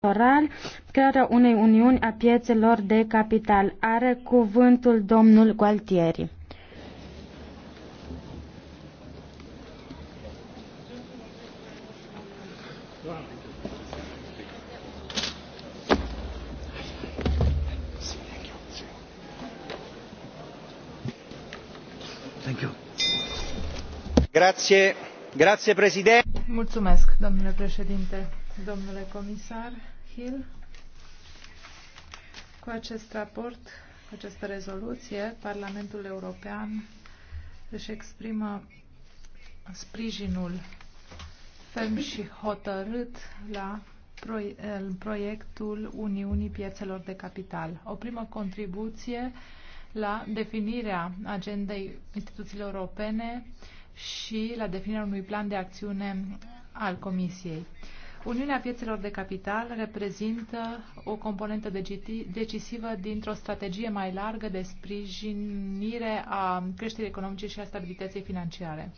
electoral, crearea unei uniuni a piețelor de capital. Are cuvântul domnul Gualtieri. Grazie, grazie, Mulțumesc, domnule președinte domnule comisar Hill. Cu acest raport, cu această rezoluție, Parlamentul European își exprimă sprijinul ferm și hotărât la proiectul Uniunii Piețelor de Capital. O primă contribuție la definirea agendei instituțiilor europene și la definirea unui plan de acțiune al Comisiei. Uniunea piețelor de capital reprezintă o componentă decisivă dintr-o strategie mai largă de sprijinire a creșterii economice și a stabilității financiare.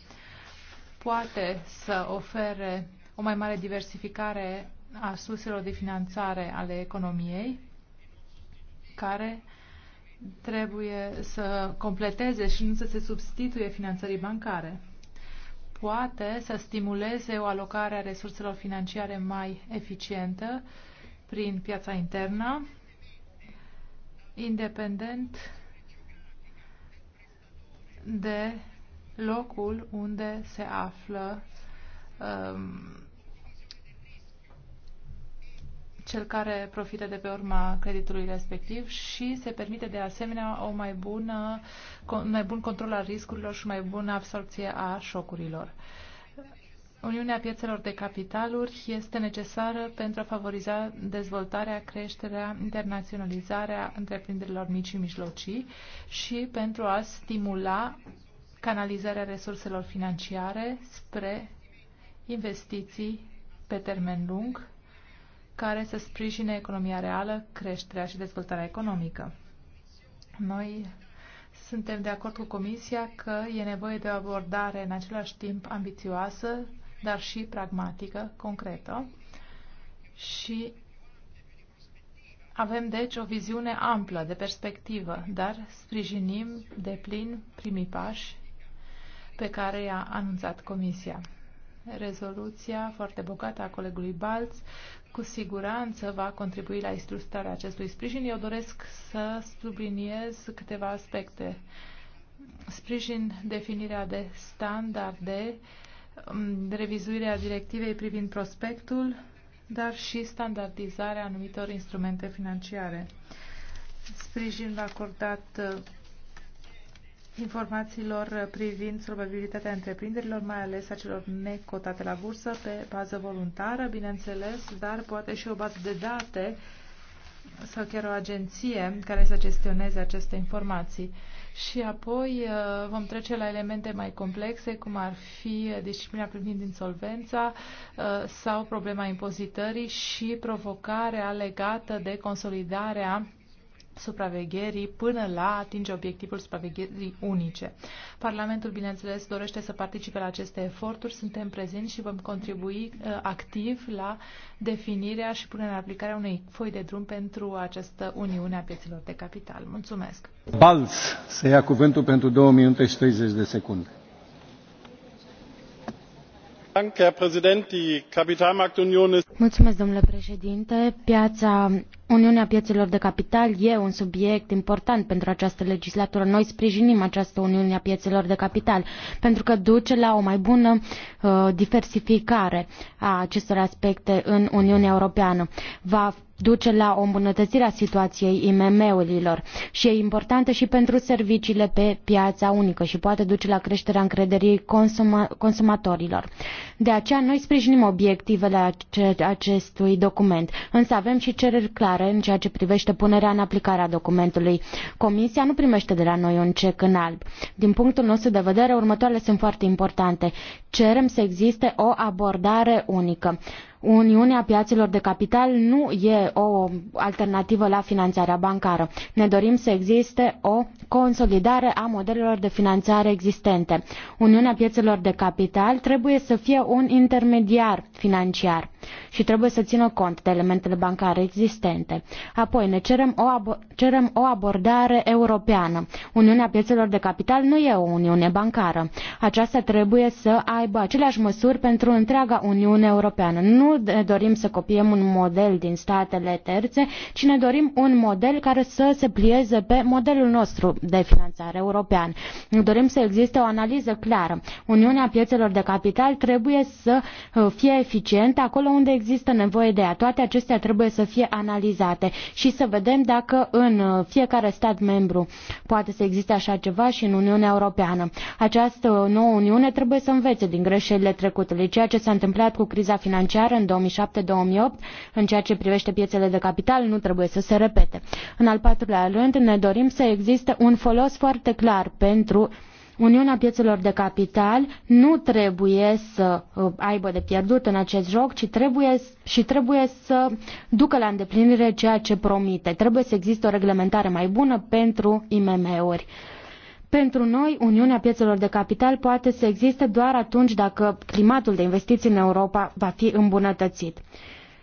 Poate să ofere o mai mare diversificare a surselor de finanțare ale economiei, care trebuie să completeze și nu să se substituie finanțării bancare poate să stimuleze o alocare a resurselor financiare mai eficientă prin piața internă, independent de locul unde se află um, cel care profită de pe urma creditului respectiv și se permite de asemenea o mai bună, mai bun control al riscurilor și mai bună absorpție a șocurilor. Uniunea piețelor de capitaluri este necesară pentru a favoriza dezvoltarea, creșterea, internaționalizarea întreprinderilor mici și mijlocii și pentru a stimula canalizarea resurselor financiare spre investiții pe termen lung care să sprijine economia reală, creșterea și dezvoltarea economică. Noi suntem de acord cu Comisia că e nevoie de o abordare în același timp ambițioasă, dar și pragmatică, concretă. Și avem deci o viziune amplă de perspectivă, dar sprijinim de plin primii pași pe care i-a anunțat Comisia rezoluția foarte bogată a colegului Balț cu siguranță va contribui la ilustrarea acestui sprijin. Eu doresc să subliniez câteva aspecte. Sprijin definirea de standarde, mm, revizuirea directivei privind prospectul, dar și standardizarea anumitor instrumente financiare. Sprijin acordat informațiilor privind solvabilitatea întreprinderilor, mai ales a celor necotate la bursă, pe bază voluntară, bineînțeles, dar poate și o bază de date sau chiar o agenție care să gestioneze aceste informații. Și apoi uh, vom trece la elemente mai complexe, cum ar fi disciplina privind insolvența uh, sau problema impozitării și provocarea legată de consolidarea supravegherii până la atinge obiectivul supravegherii unice. Parlamentul, bineînțeles, dorește să participe la aceste eforturi, suntem prezenți și vom contribui uh, activ la definirea și punerea în aplicare unei foi de drum pentru această Uniune a pieților de capital. Mulțumesc! Balz să ia cuvântul pentru 2 minute și 30 de secunde Mulțumesc, domnule președinte piața Uniunea piețelor de capital e un subiect important pentru această legislatură. Noi sprijinim această Uniune a piețelor de capital pentru că duce la o mai bună uh, diversificare a acestor aspecte în Uniunea Europeană. Va duce la o îmbunătățire a situației IMM-urilor și e importantă și pentru serviciile pe piața unică și poate duce la creșterea încrederii consuma- consumatorilor. De aceea noi sprijinim obiectivele acestui document, însă avem și cereri clare clare în ceea ce privește punerea în aplicare a documentului. Comisia nu primește de la noi un cec în alb. Din punctul nostru de vedere, următoarele sunt foarte importante. Cerem să existe o abordare unică. Uniunea piațelor de capital nu e o alternativă la finanțarea bancară. Ne dorim să existe o consolidare a modelelor de finanțare existente. Uniunea piețelor de capital trebuie să fie un intermediar financiar și trebuie să țină cont de elementele bancare existente. Apoi ne cerem o, cerem o abordare europeană. Uniunea piețelor de capital nu e o uniune bancară. Aceasta trebuie să aibă aceleași măsuri pentru întreaga Uniune Europeană. Nu ne dorim să copiem un model din statele terțe, ci ne dorim un model care să se plieze pe modelul nostru de finanțare european. Ne dorim să existe o analiză clară. Uniunea piețelor de capital trebuie să uh, fie eficientă acolo unde există nevoie de ea. Toate acestea trebuie să fie analizate și să vedem dacă în uh, fiecare stat membru poate să existe așa ceva și în Uniunea Europeană. Această uh, nouă Uniune trebuie să învețe din greșelile trecutului. Ceea ce s-a întâmplat cu criza financiară în 2007-2008 în ceea ce privește piețele de capital nu trebuie să se repete. În al patrulea rând, ne dorim să existe un folos foarte clar pentru Uniunea piețelor de capital nu trebuie să uh, aibă de pierdut în acest joc, ci trebuie, și trebuie să ducă la îndeplinire ceea ce promite. Trebuie să existe o reglementare mai bună pentru IMM-uri. Pentru noi, Uniunea Piețelor de Capital poate să existe doar atunci dacă climatul de investiții în Europa va fi îmbunătățit.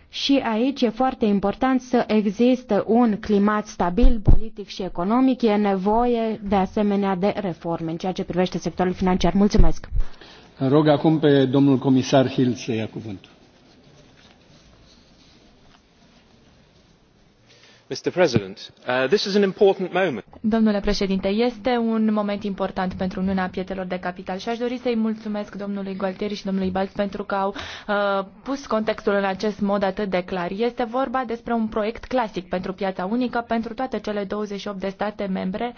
Și aici e foarte important să existe un climat stabil, politic și economic. E nevoie de asemenea de reforme în ceea ce privește sectorul financiar. Mulțumesc! Rog acum pe domnul comisar Hill să ia cuvântul. Uh, domnule președinte este un moment important pentru uniunea piețelor de capital și aș dori să i mulțumesc domnului gualtieri și domnului balz pentru că au uh, pus contextul în acest mod atât de clar. este vorba despre un proiect clasic pentru piața unică pentru toate cele douăzeci și opt de state membre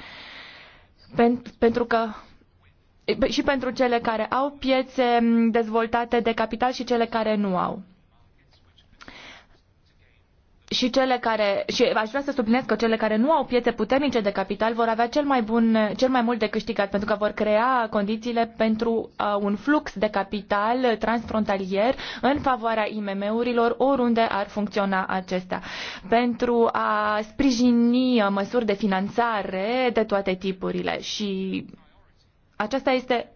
pentru că și pentru cele care au piețe dezvoltate de capital și cele care nu au și cele care, și aș vrea să subliniez că cele care nu au piețe puternice de capital vor avea cel mai, bun, cel mai mult de câștigat, pentru că vor crea condițiile pentru uh, un flux de capital transfrontalier în favoarea IMM-urilor, oriunde ar funcționa acestea, pentru a sprijini uh, măsuri de finanțare de toate tipurile. Și aceasta este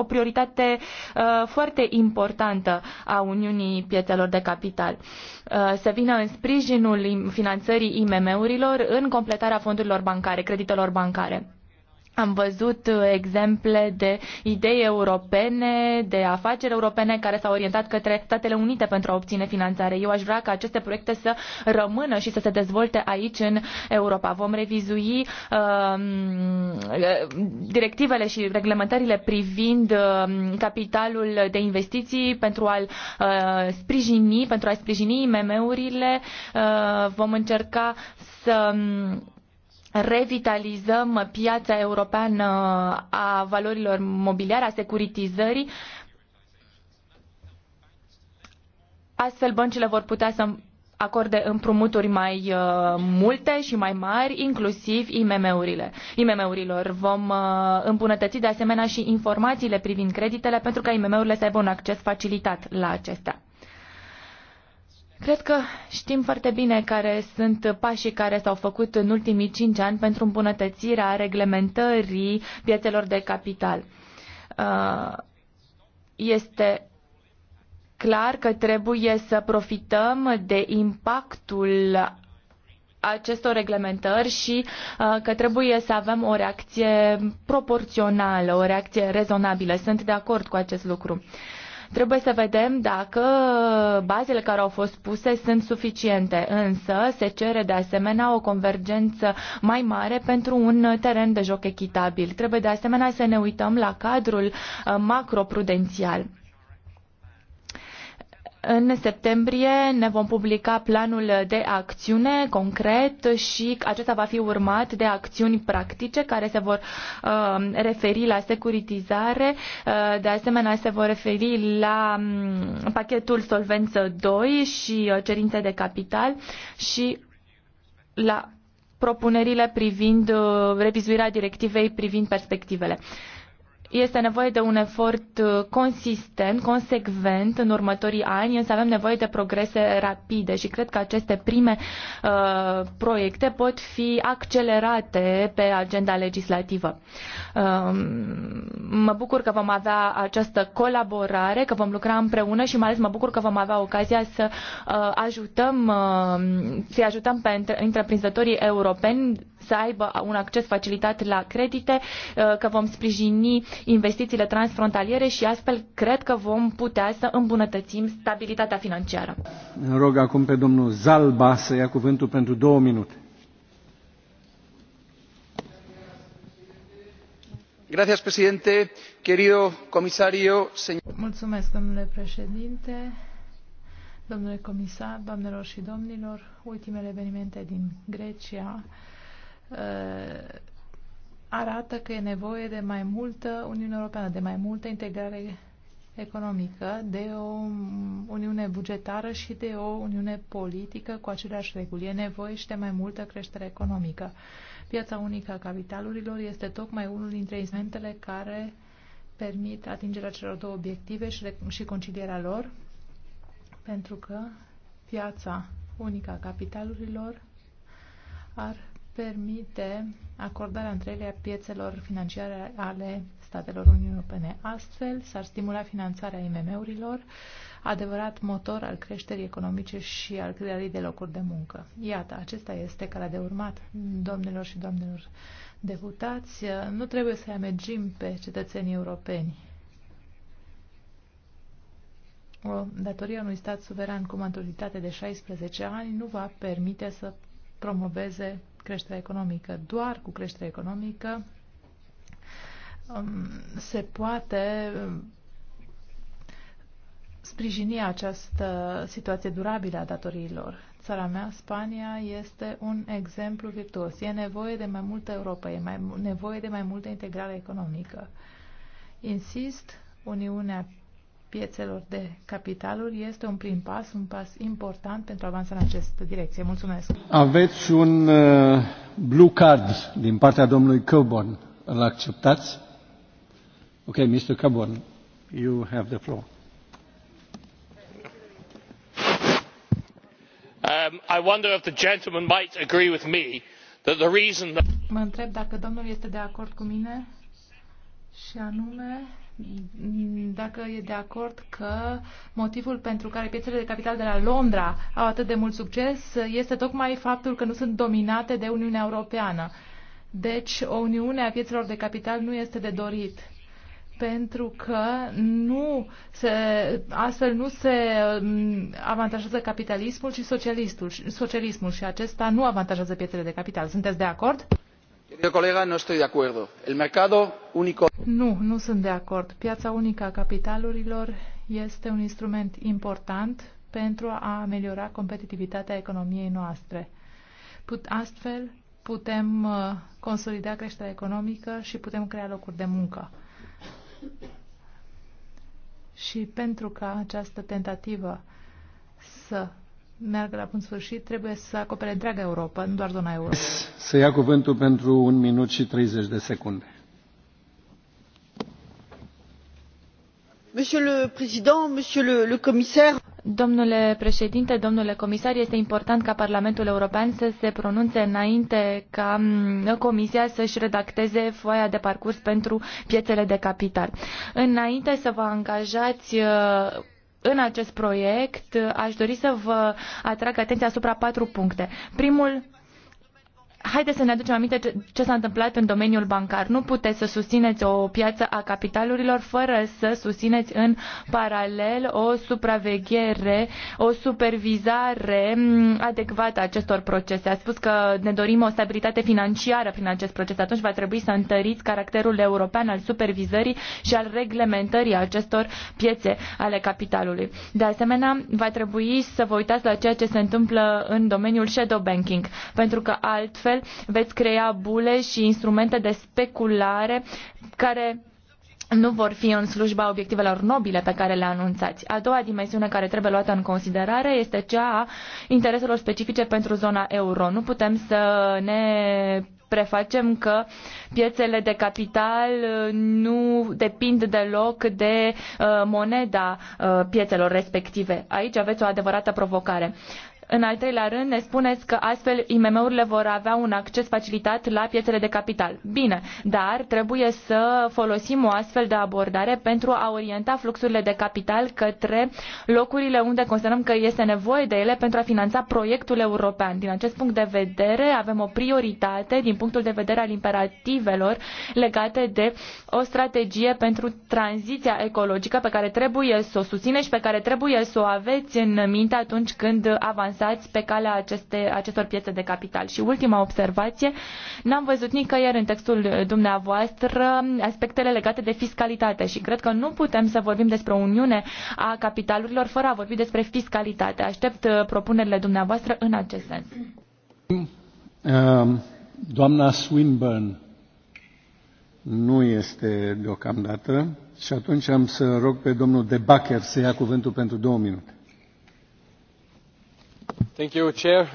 o prioritate uh, foarte importantă a Uniunii Piețelor de Capital. Uh, să vină în sprijinul finanțării IMM-urilor în completarea fondurilor bancare, creditelor bancare. Am văzut uh, exemple de idei europene, de afaceri europene care s-au orientat către Statele Unite pentru a obține finanțare. Eu aș vrea ca aceste proiecte să rămână și să se dezvolte aici în Europa. Vom revizui uh, directivele și reglementările privind uh, capitalul de investiții pentru a-l uh, sprijini, pentru a sprijini IMM-urile. Uh, vom încerca să um, revitalizăm piața europeană a valorilor mobiliare, a securitizării. Astfel, băncile vor putea să acorde împrumuturi mai uh, multe și mai mari, inclusiv IMM-urile. IMM-urilor vom uh, îmbunătăți de asemenea și informațiile privind creditele pentru ca IMM-urile să aibă un acces facilitat la acestea. Cred că știm foarte bine care sunt pașii care s-au făcut în ultimii cinci ani pentru îmbunătățirea reglementării piețelor de capital. Uh, este clar că trebuie să profităm de impactul acestor reglementări și uh, că trebuie să avem o reacție proporțională, o reacție rezonabilă. Sunt de acord cu acest lucru. Trebuie să vedem dacă bazele care au fost puse sunt suficiente, însă se cere de asemenea o convergență mai mare pentru un teren de joc echitabil. Trebuie de asemenea să ne uităm la cadrul uh, macroprudențial în septembrie ne vom publica planul de acțiune concret și acesta va fi urmat de acțiuni practice care se vor uh, referi la securitizare, uh, de asemenea se vor referi la um, pachetul Solvență 2 și uh, cerințe de capital și la propunerile privind uh, revizuirea directivei privind perspectivele. Este nevoie de un efort uh, consistent, consecvent în următorii ani, însă avem nevoie de progrese rapide și cred că aceste prime uh, proiecte pot fi accelerate pe agenda legislativă. Uh, mă bucur că vom avea această colaborare, că vom lucra împreună și mai ales mă bucur că vom avea ocazia să uh, ajutăm, uh, să ajutăm pe întreprinzătorii europeni să aibă un acces facilitat la credite, uh, că vom sprijini investițiile transfrontaliere și astfel cred că vom putea să îmbunătățim stabilitatea financiară. Rog acum pe domnul Zalba să ia cuvântul pentru două minute. Gracias, presidente. Querido comisario, señor. Mulțumesc, domnule președinte. Domnule comisar, doamnelor și domnilor, ultimele evenimente din Grecia Uh, arată că e nevoie de mai multă Uniune Europeană, de mai multă integrare economică, de o uniune bugetară și de o uniune politică cu aceleași reguli. E nevoie și de mai multă creștere economică. Piața unică a capitalurilor este tocmai unul dintre instrumentele care permit atingerea celor două obiective și, și concilierea lor, pentru că piața unică a capitalurilor ar permite acordarea întreia piețelor financiare ale statelor Uniunii Europene. Astfel, s-ar stimula finanțarea IMM-urilor, adevărat motor al creșterii economice și al creării de locuri de muncă. Iată, acesta este calea de urmat, domnilor și domnilor deputați. Nu trebuie să-i amegim pe cetățenii europeni. O datorie unui stat suveran cu maturitate de 16 ani nu va permite să promoveze creșterea economică. Doar cu creșterea economică um, se poate um, sprijini această situație durabilă a datoriilor. Țara mea, Spania, este un exemplu virtuos. E nevoie de mai multă Europa, e mai, nevoie de mai multă integrare economică. Insist, Uniunea piețelor de capitaluri este un prim pas, un pas important pentru a avansa în această direcție. Mulțumesc. Aveți un uh, blue card din partea domnului Coburn. Îl acceptați? Ok, Mr. Coburn, you have the floor. Um, I wonder if the gentleman might agree with me that the reason that... Mă întreb dacă domnul este de acord cu mine și anume dacă e de acord că motivul pentru care piețele de capital de la Londra au atât de mult succes este tocmai faptul că nu sunt dominate de Uniunea Europeană. Deci, o uniune a piețelor de capital nu este de dorit pentru că nu se, astfel nu se um, avantajează capitalismul, ci socialismul, socialismul și acesta nu avantajează piețele de capital. Sunteți de acord? Nu, nu sunt de acord. Piața unică a capitalurilor este un instrument important pentru a ameliora competitivitatea economiei noastre. Put, astfel putem uh, consolida creșterea economică și putem crea locuri de muncă. Și pentru ca această tentativă să meargă la bun sfârșit, trebuie să acopere întreaga Europa, nu doar zona euro. Să ia cuvântul pentru un minut și 30 de secunde. Monsieur le Président, Monsieur le, le Commissaire, Domnule președinte, domnule comisar, este important ca Parlamentul European să se pronunțe înainte ca mm, Comisia să-și redacteze foaia de parcurs pentru piețele de capital. Înainte să vă angajați uh, în acest proiect, aș dori să vă atrag atenția asupra patru puncte. Primul Haideți să ne aducem aminte ce, ce s-a întâmplat în domeniul bancar. Nu puteți să susțineți o piață a capitalurilor fără să susțineți în paralel o supraveghere, o supervizare mm, adecvată a acestor procese. A spus că ne dorim o stabilitate financiară prin acest proces. Atunci va trebui să întăriți caracterul european al supervizării și al reglementării acestor piețe ale capitalului. De asemenea, va trebui să vă uitați la ceea ce se întâmplă în domeniul shadow banking, pentru că altfel Altfel veți crea bule și instrumente de speculare care nu vor fi în slujba obiectivelor nobile pe care le anunțați. A doua dimensiune care trebuie luată în considerare este cea a intereselor specifice pentru zona euro. Nu putem să ne prefacem că piețele de capital nu depind deloc de uh, moneda uh, piețelor respective. Aici aveți o adevărată provocare. În al treilea rând, ne spuneți că astfel IMM-urile vor avea un acces facilitat la piețele de capital. Bine, dar trebuie să folosim o astfel de abordare pentru a orienta fluxurile de capital către locurile unde considerăm că este nevoie de ele pentru a finanța proiectul european. Din acest punct de vedere, avem o prioritate din punctul de vedere al imperativelor legate de o strategie pentru tranziția ecologică pe care trebuie să o susțineți și pe care trebuie să o aveți în minte atunci când avansăm lansați pe calea aceste, acestor piețe de capital. Și ultima observație, n-am văzut nicăieri în textul dumneavoastră aspectele legate de fiscalitate și cred că nu putem să vorbim despre o uniune a capitalurilor fără a vorbi despre fiscalitate. Aștept uh, propunerile dumneavoastră în acest sens. Um, doamna Swinburne nu este deocamdată și atunci am să rog pe domnul De Bacher să ia cuvântul pentru două minute. Uh,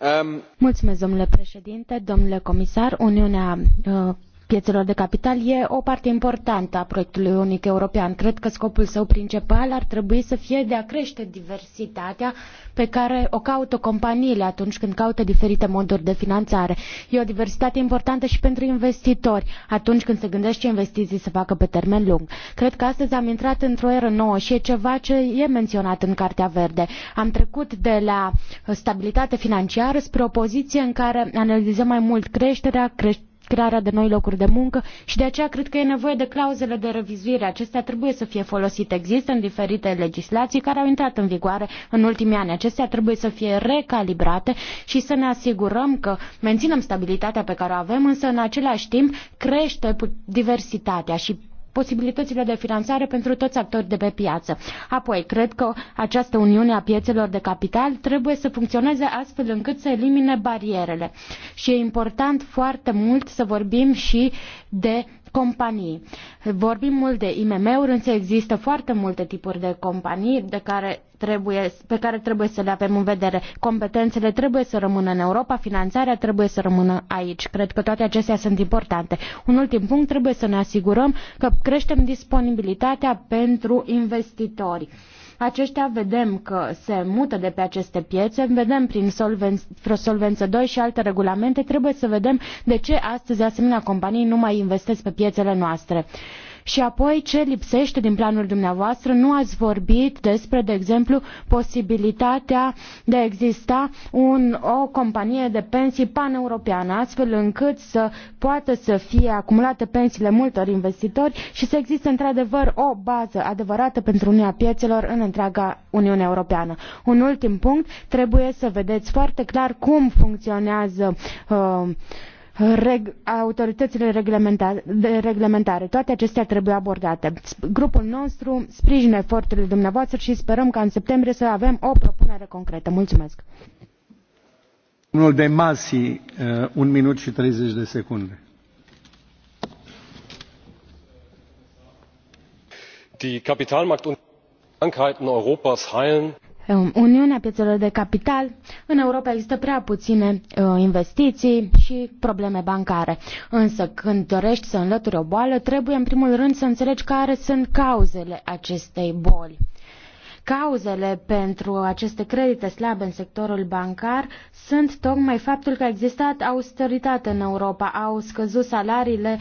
um, Mulțumesc, domnule președinte domnule comisar uniunea energetică este o necesitate piețelor de capital e o parte importantă a proiectului unic european. Cred că scopul său principal ar trebui să fie de a crește diversitatea pe care o caută companiile atunci când caută diferite moduri de finanțare. E o diversitate importantă și pentru investitori atunci când se gândesc ce investiții să facă pe termen lung. Cred că astăzi am intrat într-o eră nouă și e ceva ce e menționat în Cartea Verde. Am trecut de la stabilitate financiară spre o poziție în care analizăm mai mult creșterea, creșterea crearea de noi locuri de muncă și de aceea cred că e nevoie de clauzele de revizuire. Acestea trebuie să fie folosite. Există în diferite legislații care au intrat în vigoare în ultimii ani. Acestea trebuie să fie recalibrate și să ne asigurăm că menținem stabilitatea pe care o avem, însă în același timp crește diversitatea și posibilitățile de finanțare pentru toți actorii de pe piață. Apoi, cred că această uniune a piețelor de capital trebuie să funcționeze astfel încât să elimine barierele. Și e important foarte mult să vorbim și de companii. Vorbim mult de IMM-uri, însă există foarte multe tipuri de companii de care trebuie, pe care trebuie să le avem în vedere. Competențele trebuie să rămână în Europa, finanțarea trebuie să rămână aici. Cred că toate acestea sunt importante. Un ultim punct, trebuie să ne asigurăm că creștem disponibilitatea pentru investitori aceștia vedem că se mută de pe aceste piețe, vedem prin solvenț, Solvență 2 și alte regulamente, trebuie să vedem de ce astăzi asemenea companii nu mai investesc pe piețele noastre. Și apoi ce lipsește din planul dumneavoastră? Nu ați vorbit despre, de exemplu, posibilitatea de a exista un, o companie de pensii paneuropeană, astfel încât să poată să fie acumulate pensiile multor investitori și să existe într-adevăr o bază adevărată pentru Uniunea Piețelor în întreaga Uniune Europeană. Un ultim punct, trebuie să vedeți foarte clar cum funcționează uh, reg- autoritățile de reglementare. Toate acestea trebuie abordate. Grupul nostru sprijină eforturile dumneavoastră și sperăm ca în septembrie să avem o propunere concretă. Mulțumesc! Domnul de Masi, uh, un minut și 30 de secunde. Die Kapitalmarkt- und Krankheiten Europas heilen. Uniunea piețelor de capital, în Europa există prea puține uh, investiții și probleme bancare. Însă când dorești să înlături o boală, trebuie în primul rând să înțelegi care sunt cauzele acestei boli. Cauzele pentru aceste credite slabe în sectorul bancar sunt tocmai faptul că a existat austeritate în Europa, au scăzut salariile,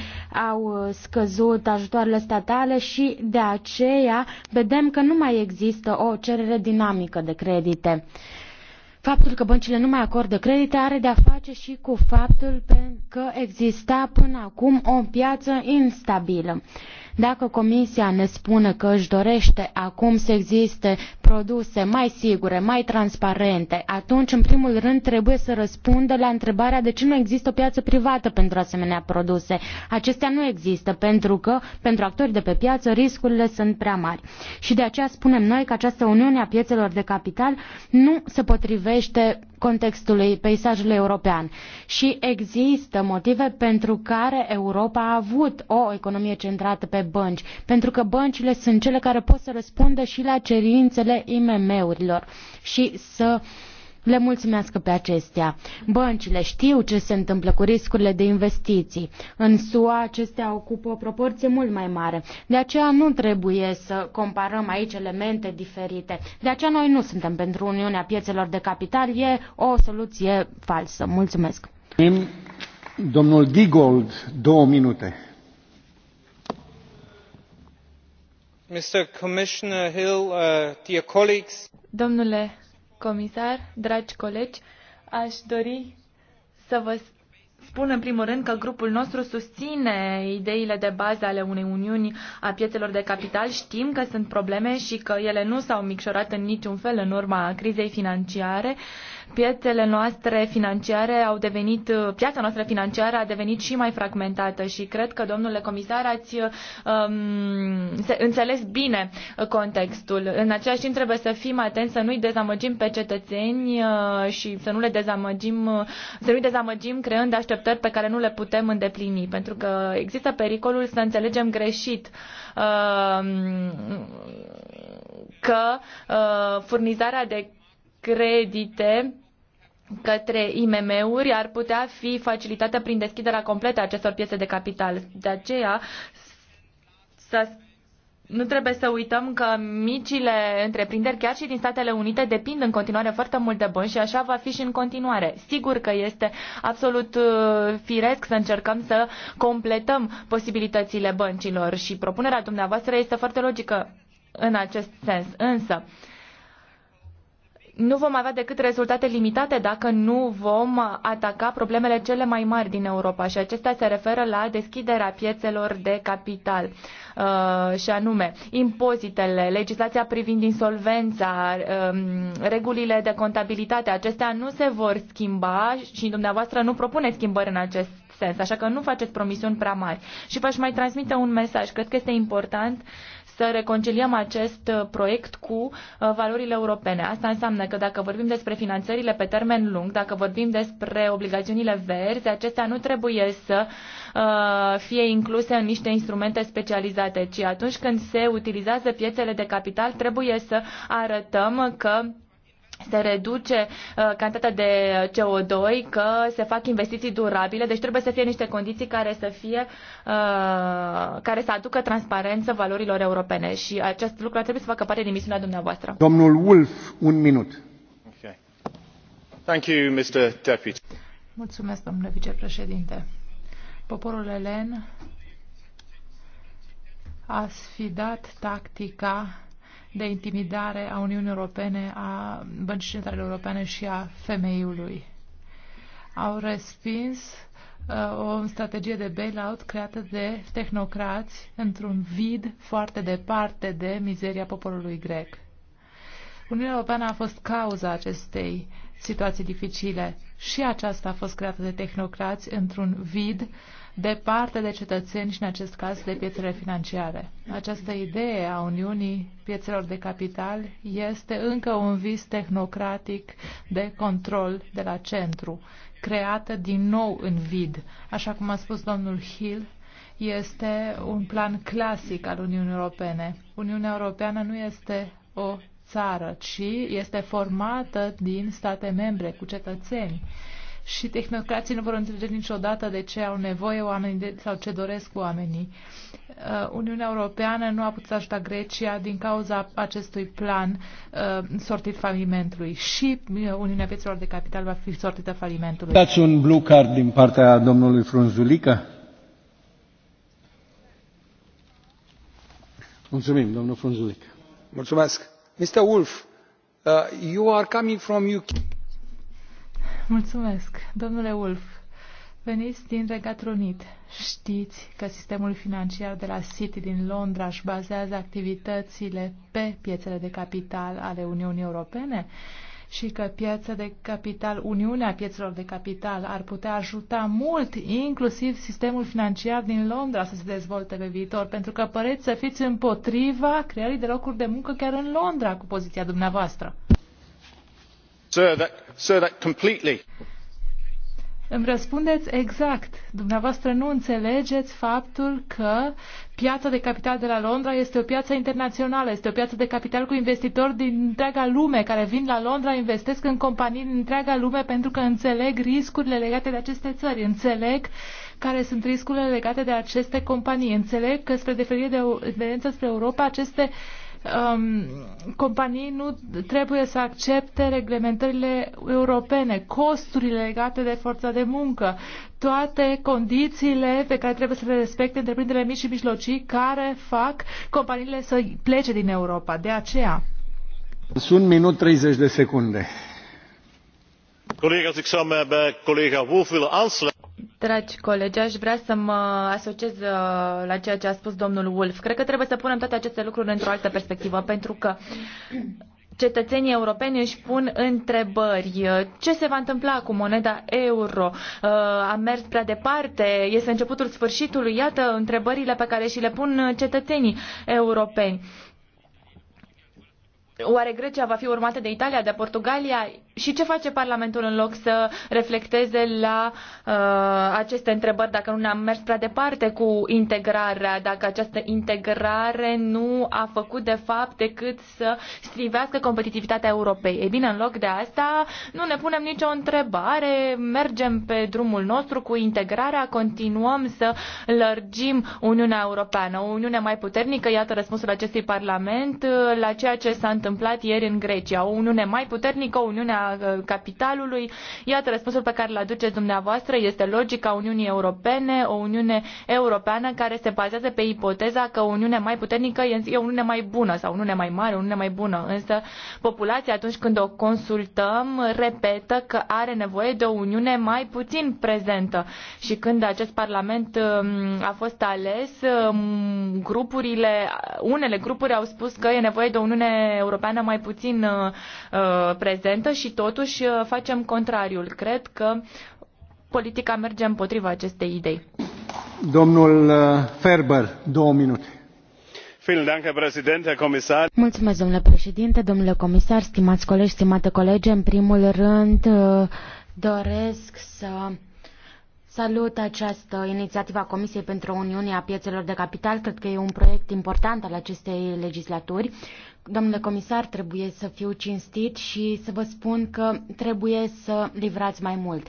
au scăzut ajutoarele statale și de aceea vedem că nu mai există o cerere dinamică de credite. Faptul că băncile nu mai acordă credite are de-a face și cu faptul că exista până acum o piață instabilă. Dacă Comisia ne spune că își dorește acum să existe produse mai sigure, mai transparente, atunci, în primul rând, trebuie să răspundă la întrebarea de ce nu există o piață privată pentru asemenea produse. Acestea nu există pentru că, pentru actorii de pe piață, riscurile sunt prea mari. Și de aceea spunem noi că această uniune a piețelor de capital nu se potrivește contextului, peisajului european. Și există motive pentru care Europa a avut o economie centrată pe bănci, pentru că băncile sunt cele care pot să răspundă și la cerințele IMM-urilor și să le mulțumească pe acestea. Băncile știu ce se întâmplă cu riscurile de investiții. În SUA acestea ocupă o proporție mult mai mare. De aceea nu trebuie să comparăm aici elemente diferite. De aceea noi nu suntem pentru Uniunea Piețelor de Capital. E o soluție falsă. Mulțumesc. Domnul Digold, două minute. Uh, domnule comisar dragi colegi aș dori să vă spun în primul rând că grupul nostru susține ideile de bază ale unei uniuni a piețelor de capital. Știm că sunt probleme și că ele nu s-au micșorat în niciun fel în urma crizei financiare. Uh, piețele noastre financiare au devenit, piața noastră financiară a devenit și mai fragmentată și cred că, domnule comisar, ați um, înțeles bine contextul. În același timp trebuie să fim atenți să nu-i dezamăgim pe cetățeni uh, și să nu le dezamăgim, uh, să nu-i dezamăgim creând așteptări pe care nu le putem îndeplini, pentru că există pericolul să înțelegem greșit um, că uh, furnizarea de credite către IMM-uri ar putea fi facilitată prin deschiderea completă a acestor piețe de capital. De aceea, să nu trebuie să uităm că micile întreprinderi, chiar și din Statele Unite, depind în continuare foarte mult de bani și așa va fi și în continuare. Sigur că este absolut uh, firesc să încercăm să completăm posibilitățile băncilor și propunerea dumneavoastră este foarte logică în acest sens. Însă, uh, nu vom avea decât rezultate limitate dacă nu vom ataca problemele cele mai mari din Europa și acestea se referă la deschiderea piețelor de capital uh, și anume impozitele, legislația privind insolvența, um, regulile de contabilitate, acestea nu se vor schimba și dumneavoastră nu propuneți schimbări în acest sens, așa că nu faceți promisiuni prea mari. Și v-aș mai transmite un mesaj, cred că este important să reconciliem acest uh, proiect cu uh, valorile europene. Asta înseamnă că dacă vorbim despre finanțările pe termen lung, dacă vorbim despre obligațiunile verzi, acestea nu trebuie să uh, fie incluse în niște instrumente specializate, ci atunci când se utilizează piețele de capital, trebuie să arătăm că se reduce uh, cantitatea de uh, CO2, că se fac investiții durabile, deci trebuie să fie niște condiții care să fie uh, care să aducă transparență valorilor europene și acest lucru ar trebui să facă parte din misiunea dumneavoastră. Domnul Wolf, un minut. Okay. Thank you, Mr. Deputy. Mulțumesc, domnule vicepreședinte. Poporul elen a sfidat tactica de intimidare a Uniunii Europene, a Băncii Centrale Europene și a femeiului. Au respins uh, o strategie de bailout creată de tehnocrați într-un vid foarte departe de mizeria poporului grec. Uniunea Europeană a fost cauza acestei situații dificile și aceasta a fost creată de tehnocrați într-un vid uh, departe de cetățeni și, în acest caz, de piețele financiare. Această idee a Uniunii piețelor de capital este încă un vis tehnocratic de control de la centru, creată din nou în vid. Așa cum a spus domnul Hill, este un plan clasic al Uniunii Europene. Uniunea Europeană nu este o țară, ci este formată din state membre cu cetățeni și tehnocrații nu vor înțelege niciodată de ce au nevoie oamenii de, sau ce doresc oamenii. Uh, Uniunea Europeană nu a putut să ajuta Grecia din cauza acestui plan uh, sortit falimentului și uh, Uniunea Pieților de Capital va fi sortită falimentului. Dați un blue card din partea domnului Frunzulică? Mulțumim, domnul Frunzulică. Mulțumesc. Mr. Wolf, uh, you are coming from UK. Mulțumesc. Domnule Wolf, veniți din Regatul Unit. Știți că sistemul financiar de la City din Londra își bazează activitățile pe piețele de capital ale Uniunii Europene? și că piața de capital, Uniunea piețelor de capital ar putea ajuta mult, inclusiv sistemul financiar din Londra să se dezvolte pe viitor, pentru că păreți să fiți împotriva creării de locuri de muncă chiar în Londra cu poziția dumneavoastră. Îmi răspundeți exact. Dumneavoastră nu înțelegeți faptul că piața de capital de la Londra este o piață internațională, este o piață de capital cu investitori din întreaga lume care vin la Londra, investesc în companii din întreaga lume pentru că înțeleg riscurile legate de aceste țări, înțeleg care sunt riscurile legate de aceste companii, înțeleg că spre deferire de, de spre Europa aceste uh, um, companii nu trebuie să accepte reglementările europene, costurile legate de forța de muncă, toate condițiile pe care trebuie să le respecte întreprinderile mici și mijlocii care fac companiile să plece din Europa. De aceea. Sunt minut 30 de secunde. Colega ik zou me bij collega Wolf willen Dragi colegi, aș vrea să mă asociez uh, la ceea ce a spus domnul Wolf. Cred că trebuie să punem toate aceste lucruri într-o altă perspectivă, pentru că cetățenii europeni își pun întrebări. Uh, ce se va întâmpla cu moneda euro? Uh, a mers prea departe? Este începutul sfârșitului? Iată întrebările pe care și le pun cetățenii europeni. Oare Grecia va fi urmată de Italia, de Portugalia? Și ce face Parlamentul în loc să reflecteze la uh, aceste întrebări dacă nu ne-am mers prea departe cu integrarea, dacă această integrare nu a făcut de fapt decât să strivească competitivitatea Europei? Ei bine, în loc de asta nu ne punem nicio întrebare, mergem pe drumul nostru cu integrarea, continuăm să lărgim Uniunea Europeană, o Uniune mai puternică, iată răspunsul acestui Parlament uh, la ceea ce s-a întâmplat ieri în Grecia. O uniune mai puternică, o uniune a capitalului. Iată răspunsul pe care îl aduceți dumneavoastră. Este logica Uniunii Europene, o uniune europeană care se bazează pe ipoteza că o uniune mai puternică e o uniune mai bună sau o uniune mai mare, o uniune mai bună. Însă populația atunci când o consultăm repetă că are nevoie de o uniune mai puțin prezentă. Și când acest parlament um, a fost ales, um, grupurile, unele grupuri au spus că e nevoie de o uniune europeană Europeană mai puțin uh, uh, prezentă și totuși uh, facem contrariul. Cred că politica merge împotriva acestei idei. Domnul Ferber, două minute. Mulțumesc, domnule președinte, domnule comisar, stimați colegi, stimate colege. În primul rând, doresc să Salut această inițiativă a Comisiei pentru Uniunea Piețelor de Capital. Cred că e un proiect important al acestei legislaturi. Domnule comisar, trebuie să fiu cinstit și să vă spun că trebuie să livrați mai mult.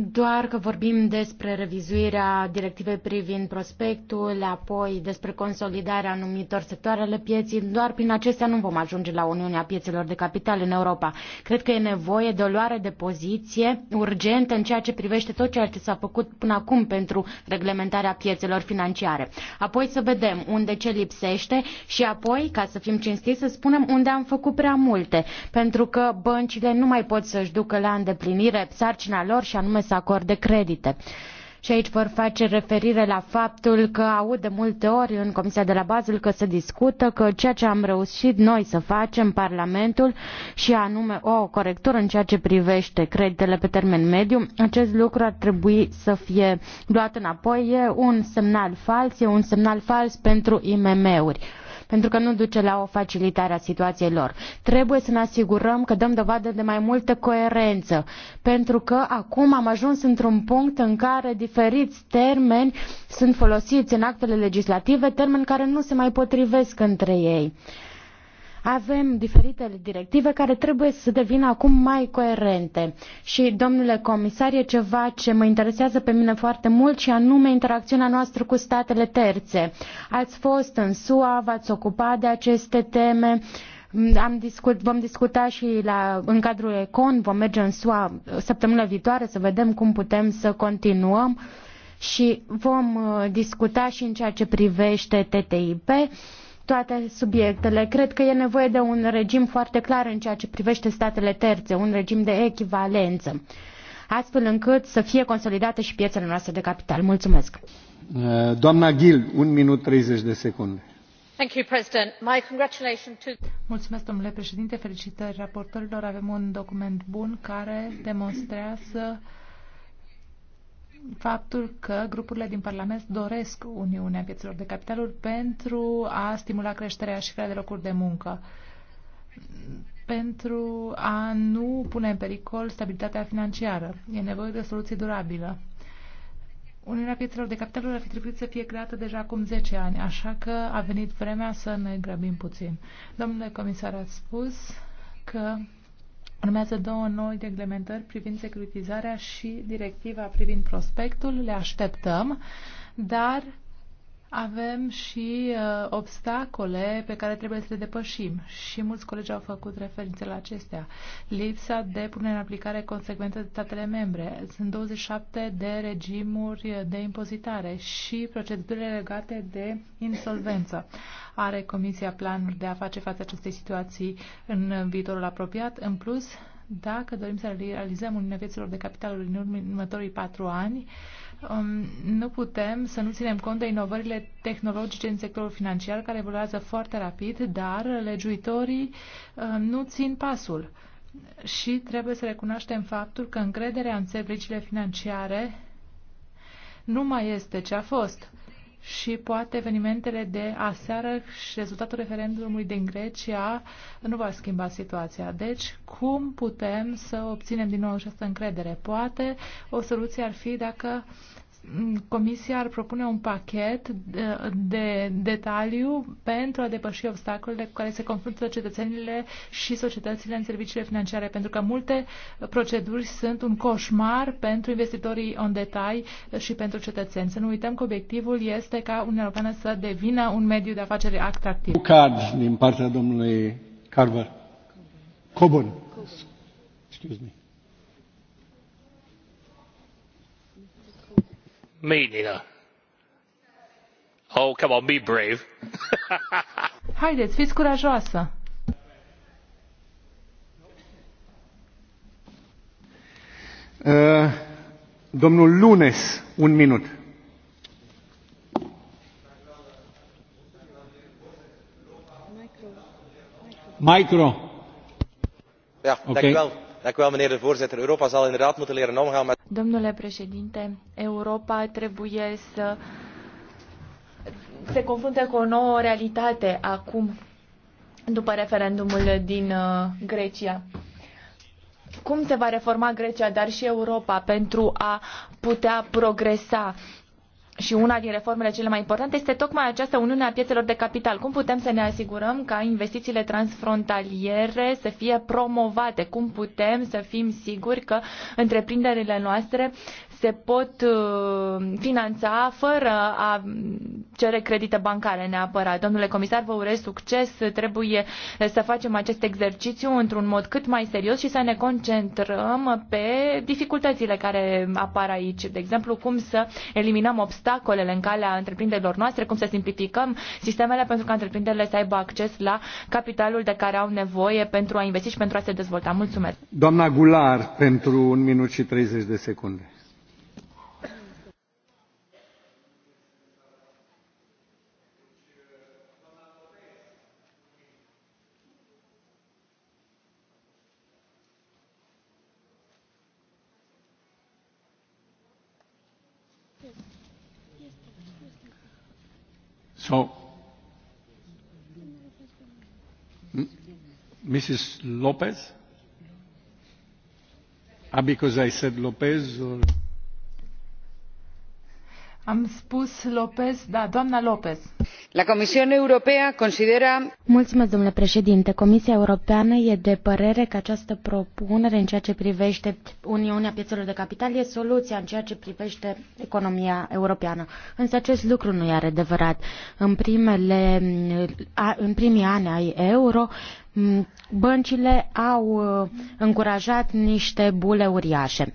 Doar că vorbim despre revizuirea directivei privind prospectul, apoi despre consolidarea anumitor sectoare ale pieții, doar prin acestea nu vom ajunge la Uniunea Piețelor de Capital în Europa. Cred că e nevoie de o luare de poziție urgentă în ceea ce privește tot ceea ce s-a făcut până acum pentru reglementarea piețelor financiare. Apoi să vedem unde ce lipsește și apoi, ca să fim cinstiți, să spunem unde am făcut prea multe, pentru că băncile nu mai pot să-și ducă la îndeplinire sarcina lor și anume să acorde credite. Și aici vor face referire la faptul că aud de multe ori în Comisia de la Bazel că se discută că ceea ce am reușit noi să facem, Parlamentul, și anume o corectură în ceea ce privește creditele pe termen mediu, acest lucru ar trebui să fie luat înapoi. E un semnal fals, e un semnal fals pentru IMM-uri pentru că nu duce la o facilitare a situației lor. Trebuie să ne asigurăm că dăm dovadă de mai multă coerență, pentru că acum am ajuns într-un punct în care diferiți termeni sunt folosiți în actele legislative, termeni care nu se mai potrivesc între ei. Avem diferite directive care trebuie să devină acum mai coerente. Și, domnule comisar, e ceva ce mă interesează pe mine foarte mult și anume interacțiunea noastră cu statele terțe. Ați fost în SUA, v-ați ocupat de aceste teme. Am discut, vom discuta și la, în cadrul ECON, vom merge în SUA săptămâna viitoare să vedem cum putem să continuăm și vom uh, discuta și în ceea ce privește TTIP toate subiectele. Cred că e nevoie de un regim foarte clar în ceea ce privește statele terțe, un regim de echivalență, astfel încât să fie consolidate și piețele noastre de capital. Mulțumesc! Eh, doamna Gil, un minut 30 de secunde. Mulțumesc, domnule președinte felicitări raportorilor avem un document bun care demonstrează faptul că grupurile din Parlament doresc Uniunea Pieților de Capitaluri pentru a stimula creșterea și crearea de locuri de muncă, pentru a nu pune în pericol stabilitatea financiară. E nevoie de o soluție durabilă. Uniunea Pieților de Capitaluri ar fi trebuit să fie creată deja acum 10 ani, așa că a venit vremea să ne grăbim puțin. Domnule comisar, a spus că Urmează două noi reglementări privind securitizarea și directiva privind prospectul. Le așteptăm, dar avem și uh, obstacole pe care trebuie să le depășim și mulți colegi au făcut referințe la acestea. Lipsa de punere în aplicare consecventă de statele membre. Sunt 27 de regimuri de impozitare și procedurile legate de insolvență. Are Comisia planuri de a face față acestei situații în viitorul apropiat? În plus, dacă dorim să realizăm un Vieților de Capitaluri în următorii patru ani, uh, Um, nu putem să nu ținem cont de inovările tehnologice în sectorul financiar, care evoluează foarte rapid, dar legiuitorii um, nu țin pasul. Și trebuie să recunoaștem faptul că încrederea în serviciile financiare nu mai este ce a fost și poate evenimentele de aseară și rezultatul referendumului din Grecia nu va schimba situația. Deci, cum putem să obținem din nou această încredere? Poate o soluție ar fi dacă Comisia ar propune un pachet de, de detaliu pentru a depăși obstacolele cu care se confruntă cetățenile și societățile în serviciile financiare, pentru că multe proceduri sunt un coșmar pentru investitorii în detai și pentru cetățeni. Să nu uităm că obiectivul este ca Uniunea Europeană să devină un mediu de afaceri atractiv. Cu card din partea domnului Carver. Coburn. Excuse me. Me, Nina. Oh, come on, be brave. Haideți, fiți curajoasă. Uh, domnul Lunes, un minut. Micro. Micro. Yeah, okay. Domnule președinte, Europa trebuie să se confrunte cu o nouă realitate acum, după referendumul din uh, Grecia cum se va reforma Grecia, dar și Europa pentru a putea progresa și una din reformele cele mai importante este tocmai această uniune a piețelor de capital. Cum putem să ne asigurăm ca investițiile transfrontaliere să fie promovate? Cum putem să fim siguri că întreprinderile noastre se pot uh, finanța fără a cere credite bancare neapărat. Domnule comisar, vă urez succes. Trebuie să facem acest exercițiu într-un mod cât mai serios și să ne concentrăm pe dificultățile care apar aici. De exemplu, cum să eliminăm obstacolele? obstacolele în calea întreprinderilor noastre, cum să simplificăm sistemele pentru ca întreprinderile să aibă acces la capitalul de care au nevoie pentru a investi și pentru a se dezvolta. Mulțumesc! Doamna Gular, pentru un minut și 30 de secunde. Mrs. Ah, because I said or... Am spus lpez da, doamna lpez domnule președinte comisia europeană e de părere că această propunere în ceea ce privește uniunea piețelor de capital este soluția în ceea ce privește economia europeană însă acest lucru nu e adevărat. în, primele, în primii ani ai euro băncile au uh, încurajat niște bule uriașe.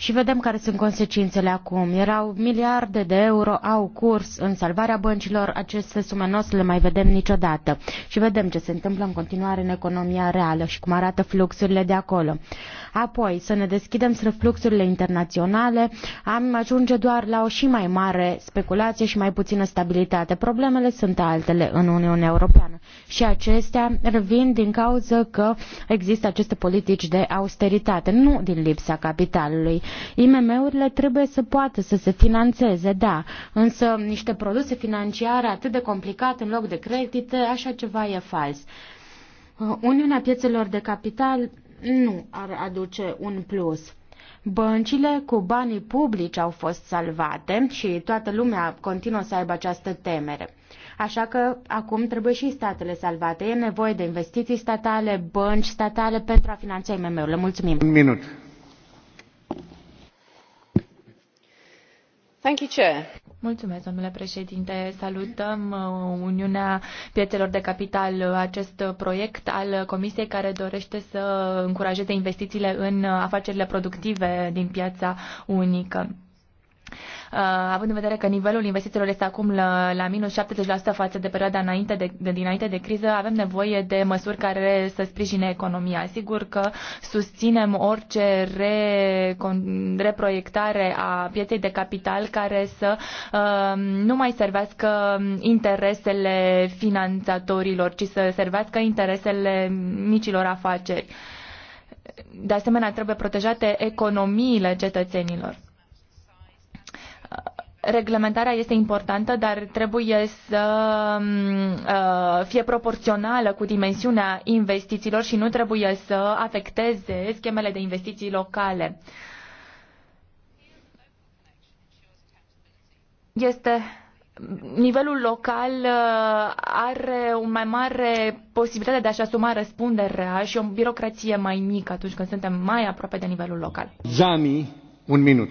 Și vedem care sunt consecințele acum. Erau miliarde de euro, au curs în salvarea băncilor, aceste sume nu o să le mai vedem niciodată. Și vedem ce se întâmplă în continuare în economia reală și cum arată fluxurile de acolo. Apoi, să ne deschidem spre fluxurile internaționale, am ajunge doar la o și mai mare speculație și mai puțină stabilitate. Problemele sunt altele în Uniunea Europeană și acestea revin din cauza că există aceste politici de austeritate, nu din lipsa capitalului. IMM-urile trebuie să poată să se financeze, da, însă niște produse financiare atât de complicate în loc de credite, așa ceva e fals. Uniunea piețelor de capital nu ar aduce un plus. Băncile cu banii publici au fost salvate și toată lumea continuă să aibă această temere. Așa că acum trebuie și statele salvate. E nevoie de investiții statale, bănci statale pentru a finanța IMM-urile. Mulțumim. Un minut. Thank you, Chair. Mulțumesc, domnule președinte. Salutăm uh, Uniunea Piețelor de Capital, uh, acest proiect al Comisiei care dorește să încurajeze investițiile în uh, afacerile productive din piața unică. Uh, având în vedere că nivelul investițiilor este acum la, la minus 70% față de perioada înainte de, de, dinainte de criză, avem nevoie de măsuri care să sprijine economia. Sigur că susținem orice re, reproiectare a pieței de capital care să uh, nu mai servească interesele finanțatorilor, ci să servească interesele micilor afaceri. De asemenea, trebuie protejate economiile cetățenilor reglementarea este importantă, dar trebuie să mm, uh, fie proporțională cu dimensiunea investițiilor și nu trebuie să afecteze schemele de investiții locale. Este nivelul local uh, are o mai mare posibilitate de a-și asuma răspunderea și o birocrație mai mică atunci când suntem mai aproape de nivelul local. Zami, un minut.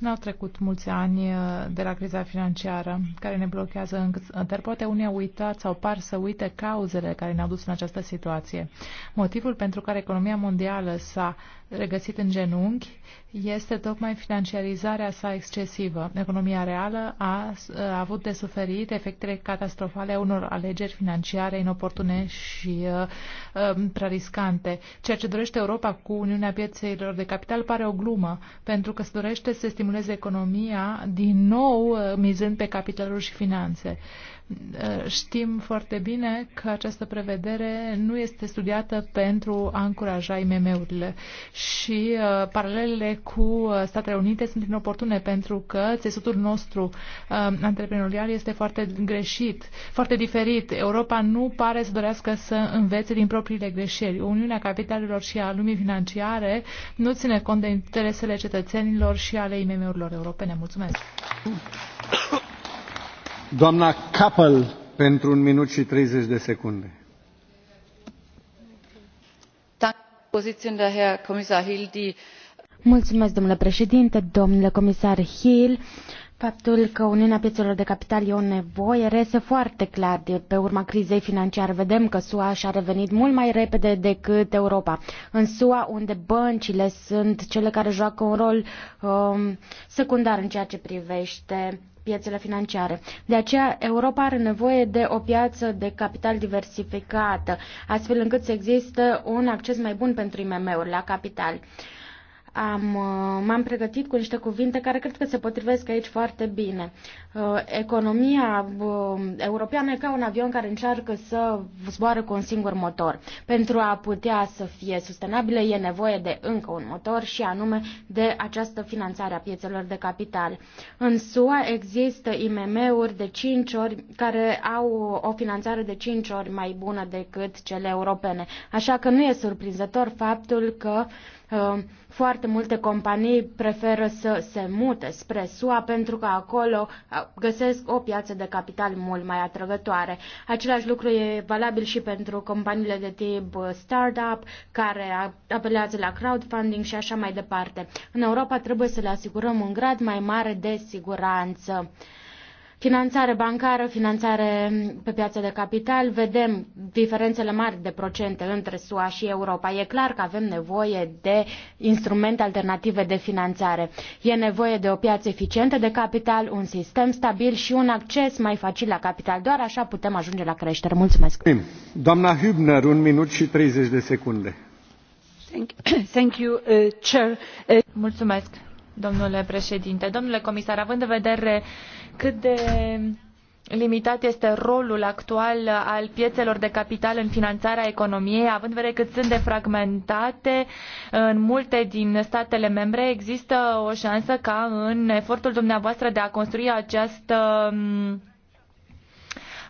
N-au trecut mulți ani uh, de la criza financiară care ne blochează încă, uh, dar poate unii au uitat sau par să uite cauzele care ne-au dus în această situație. Motivul pentru care economia mondială s-a regăsit în genunchi este tocmai financiarizarea sa excesivă. Economia reală a, uh, a avut de suferit efectele catastrofale a unor alegeri financiare inoportune și um, prea riscante. Ceea ce dorește Europa cu Uniunea Piețelor de Capital pare o glumă, pentru că se dorește să stimuleze stimuleze economia, din nou uh, mizând pe capitalul și finanțe. Eh, știm foarte bine că această prevedere nu este studiată pentru a încuraja IMM-urile și uh, paralelele cu eh, Statele Unite sunt inoportune pentru că țesutul nostru uh, antreprenorial este foarte greșit, foarte diferit. Europa nu pare să dorească să învețe din propriile greșeli. Uniunea Capitalelor și a lumii financiare nu ține cont de interesele cetățenilor și ale IMM-urilor europene. Mulțumesc! Doamna Kappel, pentru un minut și 30 de secunde. Mulțumesc, domnule președinte, domnule comisar Hill. Faptul că Uniunea Piețelor de Capital e o nevoie reiese foarte clar de pe urma crizei financiare. Vedem că SUA și-a revenit mult mai repede decât Europa. În SUA, unde băncile sunt cele care joacă un rol um, secundar în ceea ce privește piețele financiare. De aceea, Europa are nevoie de o piață de capital diversificată, astfel încât să există un acces mai bun pentru IMM-uri la capital. Uh, am, uh, m-am pregătit cu niște cuvinte care cred că se potrivesc aici foarte bine. Uh, economia uh, europeană e ca un avion care încearcă să zboare cu un singur motor. Pentru a putea să fie sustenabilă e nevoie de încă un motor și anume de această finanțare a piețelor de capital. În SUA există IMM-uri de 5 ori care au o finanțare de 5 ori mai bună decât cele europene. Așa că nu e surprinzător faptul că uh, Um, foarte multe companii preferă să se mute spre SUA pentru că acolo găsesc o piață de capital mult mai atrăgătoare. Același lucru e valabil și pentru companiile de tip uh, startup care apelează la crowdfunding și așa mai departe. În Europa trebuie să le asigurăm un grad mai mare de siguranță. Finanțare bancară, finanțare pe piața de capital, vedem diferențele mari de procente între SUA și Europa. E clar că avem nevoie de instrumente alternative de finanțare. E nevoie de o piață eficientă de capital, un sistem stabil și un acces mai facil la capital. Doar așa putem ajunge la creștere. Mulțumesc! Doamna Hübner, un minut și 30 de secunde. Thank you, uh, uh, Mulțumesc domnule președinte. Domnule comisar, având în vedere cât de limitat este rolul actual al piețelor de capital în finanțarea economiei, având în vedere cât sunt de fragmentate în multe din statele membre, există o șansă ca în efortul dumneavoastră de a construi această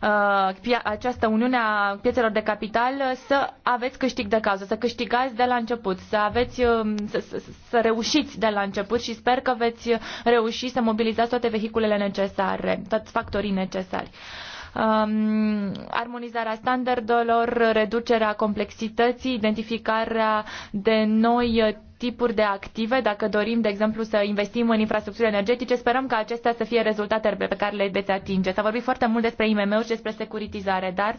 Uh, această uniune a piețelor de capital uh, să aveți câștig de cauză, să câștigați de la început, să aveți uh, să, să, să reușiți de la început și sper că veți reuși să mobilizați toate vehiculele necesare, toți factorii necesari um, armonizarea standardelor, reducerea complexității, identificarea de noi tipuri de active. Dacă dorim, de exemplu, să investim în infrastructuri energetice, sperăm ca acestea să fie rezultatele pe care le veți atinge. S-a vorbit foarte mult despre IMM-uri și despre securitizare, dar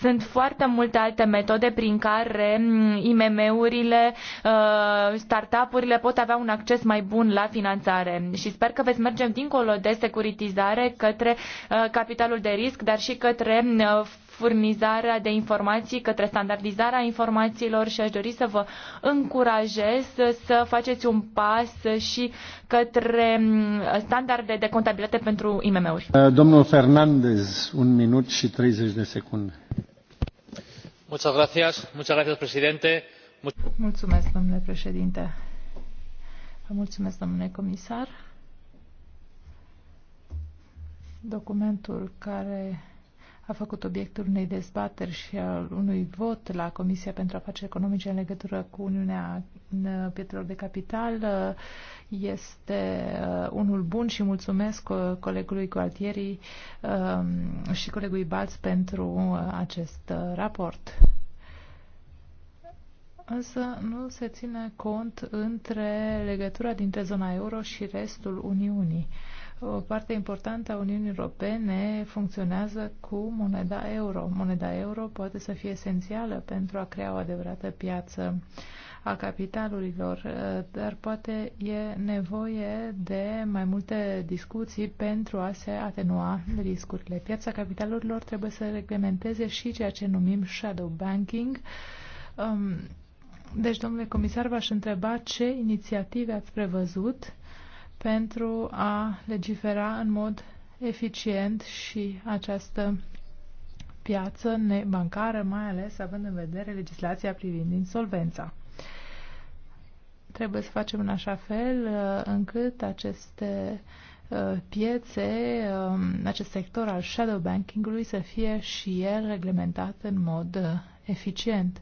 sunt foarte multe alte metode prin care IMM-urile, uh, startup-urile pot avea un acces mai bun la finanțare. Și sper că veți merge dincolo de securitizare către uh, capitalul de risc, dar și către uh, furnizarea de informații, către standardizarea informațiilor și aș dori să vă încurajez să faceți un pas și către mm, standarde de contabilitate pentru IMM-uri. Uh, domnul Fernandez, un minut și 30 de secunde. Muchas gracias, muchas gracias, presidente. Mulțumesc, domnule președinte. Vă mulțumesc, domnule comisar. Documentul care a făcut obiectul unei dezbateri și unui vot la Comisia pentru Afaceri Economice în legătură cu Uniunea uh, Pietrelor de Capital uh, este uh, unul bun și mulțumesc colegului Gualtieri um, și colegului Balț pentru acest raport. Însă nu se ține cont între legătura dintre zona euro și restul Uniunii. Uh, o parte importantă a Uniunii Europene funcționează cu moneda euro. Moneda euro poate să fie esențială pentru a crea o adevărată piață a capitalurilor, dar poate e nevoie de mai multe discuții pentru a se atenua riscurile. Piața capitalurilor trebuie să reglementeze și ceea ce numim shadow banking. Um, deci, domnule comisar, v-aș întreba ce inițiative ați prevăzut pentru a legifera în mod eficient și această piață bancară, mai ales având în vedere legislația privind insolvența. Trebuie să facem în așa fel uh, încât aceste uh, piețe, um, acest sector al shadow banking-ului să fie și el reglementat în mod uh, eficient.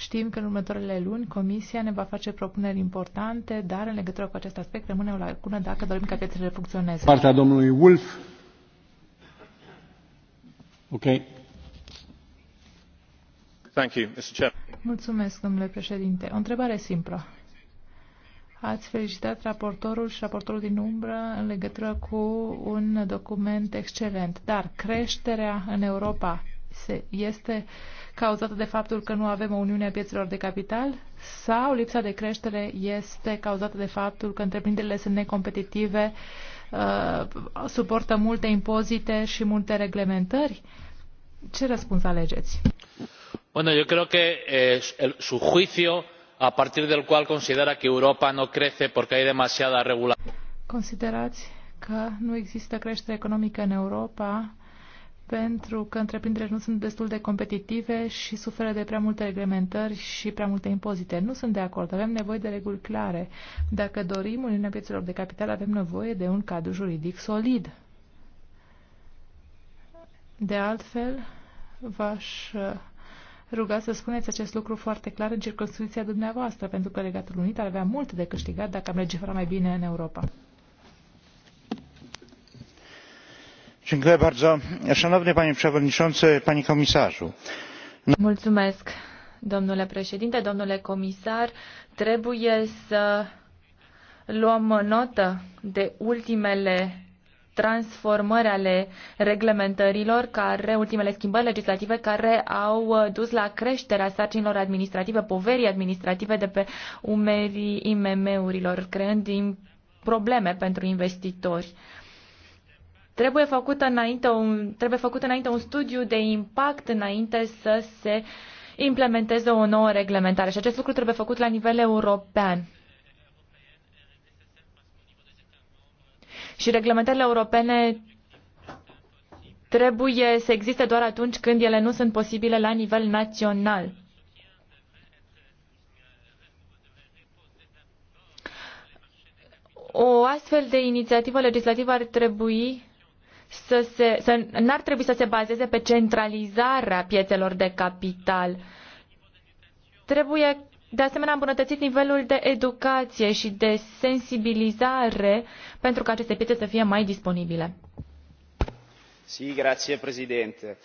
Știm că în următoarele luni Comisia ne va face propuneri importante, dar în legătură cu acest aspect rămâne o lacună dacă dorim ca piețele funcționeze. Partea domnului Wolf. Ok. Thank you, Mr. Chair. Mulțumesc, domnule președinte. O întrebare simplă. Ați felicitat raportorul și raportorul din umbră în legătură cu un document excelent, dar creșterea în Europa se este cauzată de faptul că nu avem o uniune a piețelor de capital sau lipsa de creștere este cauzată de faptul că întreprinderile sunt necompetitive, uh, suportă multe impozite și multe reglementări? Ce răspuns alegeți? Bueno, yo creo que eh, su juicio a partir del cual considera que Europa no crece porque hay demasiada regulación. Considerați că nu există creștere economică în Europa pentru că întreprinderile nu sunt destul de competitive și suferă de prea multe reglementări și prea multe impozite. Nu sunt de acord. Avem nevoie de reguli clare. Dacă dorim Uniunea Piețelor de Capital, avem nevoie de un cadru juridic solid. De altfel, v-aș uh, ruga să spuneți acest lucru foarte clar în circunscripția dumneavoastră, pentru că Regatul Unit ar avea mult de câștigat dacă am legifera mai bine în Europa. Mulțumesc, domnule președinte, domnule comisar. Trebuie să luăm notă de ultimele transformări ale reglementărilor, care, ultimele schimbări legislative care au dus la creșterea sarcinilor administrative, poverii administrative de pe umerii IMM-urilor, creând probleme pentru investitori. Trebuie făcut înainte un, trebuie făcut înainte un studiu de impact înainte să se implementeze o nouă reglementare și acest lucru trebuie făcut la nivel european. Și reglementările europene trebuie să existe doar atunci când ele nu sunt posibile la nivel național. O astfel de inițiativă legislativă ar trebui să se, să, n-ar trebui să se bazeze pe centralizarea piețelor de capital. Trebuie de asemenea îmbunătățit nivelul de educație și de sensibilizare pentru ca aceste piețe să fie mai disponibile. Sí, grazie, presidente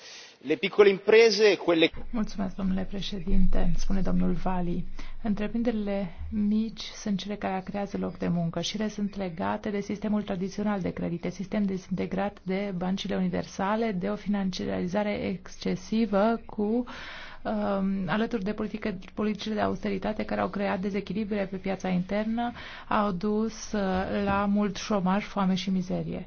le piccole imprese, quelle... Mulțumesc, domnule președinte, spune domnul Vali. Întreprinderile mici sunt cele care creează loc de muncă și ele sunt legate de sistemul tradițional de credite, sistem dezintegrat de băncile universale, de o financiarizare excesivă cu um, alături de politică, politicile de austeritate care au creat dezechilibre pe piața internă, au dus uh, la mult șomaj, foame și mizerie.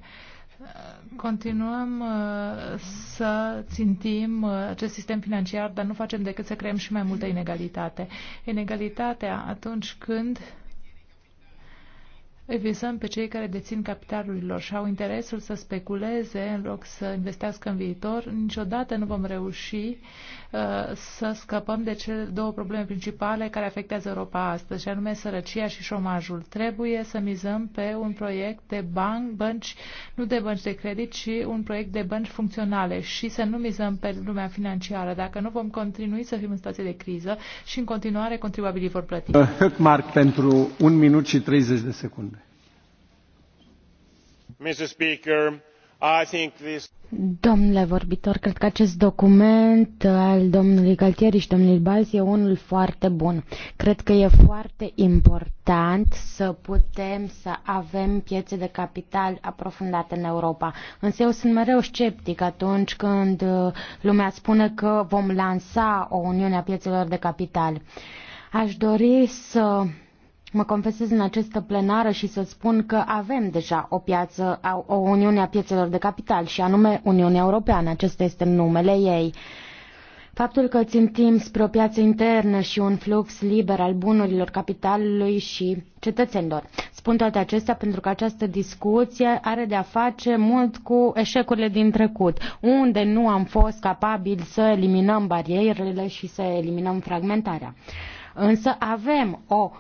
Continuăm uh, să țintim uh, acest sistem financiar, dar nu facem decât să creăm și mai multă inegalitate. Inegalitatea atunci când îi visăm pe cei care dețin capitalul lor și au interesul să speculeze în loc să investească în viitor, niciodată nu vom reuși uh, să scăpăm de cele două probleme principale care afectează Europa astăzi, și anume sărăcia și șomajul. Trebuie să mizăm pe un proiect de banc, bănci, nu de bănci de credit, ci un proiect de bănci funcționale și să nu mizăm pe lumea financiară. Dacă nu vom continui să fim în situație de criză și în continuare contribuabilii vor plăti. Höckmark pentru un minut și 30 de secunde. Domnule vorbitor, cred că acest document al domnului gualtieri și domnului Balz e unul foarte bun. Cred că e foarte important să putem să avem piețe de capital aprofundate în Europa. Însă eu sunt mereu sceptic atunci când uh, lumea spune că vom lansa o uniune a piețelor de capital. Aș dori să mă confesez în această plenară și să spun că avem deja o piață, o Uniune a piețelor de capital și anume Uniunea Europeană, acesta este numele ei. Faptul că țintim spre o piață internă și un flux liber al bunurilor capitalului și cetățenilor. Spun toate acestea pentru că această discuție are de-a face mult cu eșecurile din trecut, unde nu am fost capabili să eliminăm barierele și să eliminăm fragmentarea. Însă avem o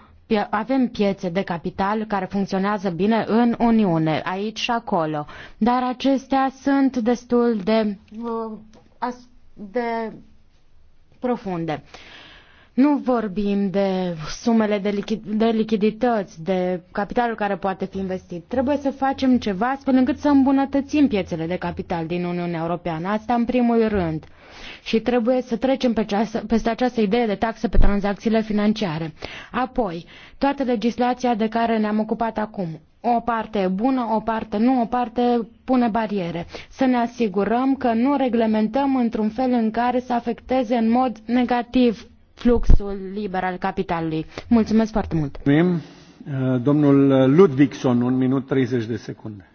avem piețe de capital care funcționează bine în Uniune, aici și acolo, dar acestea sunt destul de, uh, de profunde. Nu vorbim de sumele de, lichid, de lichidități, de capitalul care poate fi investit. Trebuie să facem ceva astfel încât să îmbunătățim piețele de capital din Uniunea Europeană. Asta în primul rând și trebuie să trecem pe ceasă, peste această idee de taxă pe tranzacțiile financiare. Apoi, toată legislația de care ne-am ocupat acum, o parte e bună, o parte nu, o parte pune bariere. Să ne asigurăm că nu reglementăm într-un fel în care să afecteze în mod negativ fluxul liber al capitalului. Mulțumesc foarte mult! Mulțumim. Uh, domnul Ludvigson, un minut 30 de secunde.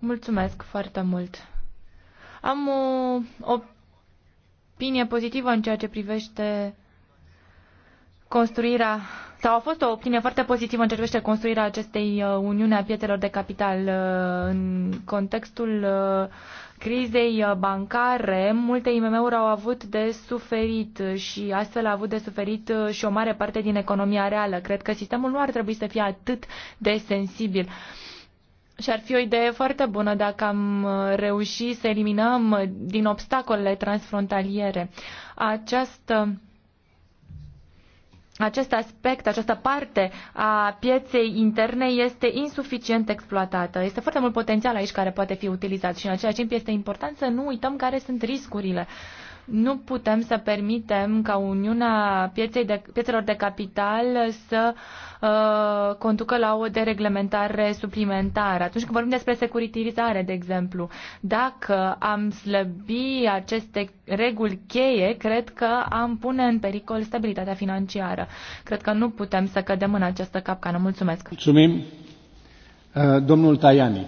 Mulțumesc foarte mult! Am o opinie pozitivă în ceea ce privește construirea sau a fost o opinie foarte pozitivă în ceea ce privește construirea acestei uh, uniuni a piețelor de capital uh, în contextul uh, crizei bancare, multe IMM-uri au avut de suferit și astfel a avut de suferit și o mare parte din economia reală. Cred că sistemul nu ar trebui să fie atât de sensibil. Uh, și ar fi o idee foarte bună dacă am uh, reușit să eliminăm uh, din obstacolele transfrontaliere această acest aspect, această parte a pieței interne este insuficient exploatată. Este foarte mult potențial aici care poate fi utilizat și în același timp este important să nu uităm care sunt riscurile uh, nu putem să permitem ca Uniunea pieței de, Piețelor de Capital să uh, conducă la o dereglementare suplimentară. Atunci când vorbim despre securitizare, de exemplu, dacă am slăbi aceste reguli cheie, cred că am pune în pericol stabilitatea financiară. Cred că nu putem să cădem în această capcană. Mulțumesc. Mulțumim. Uh, domnul Tajani.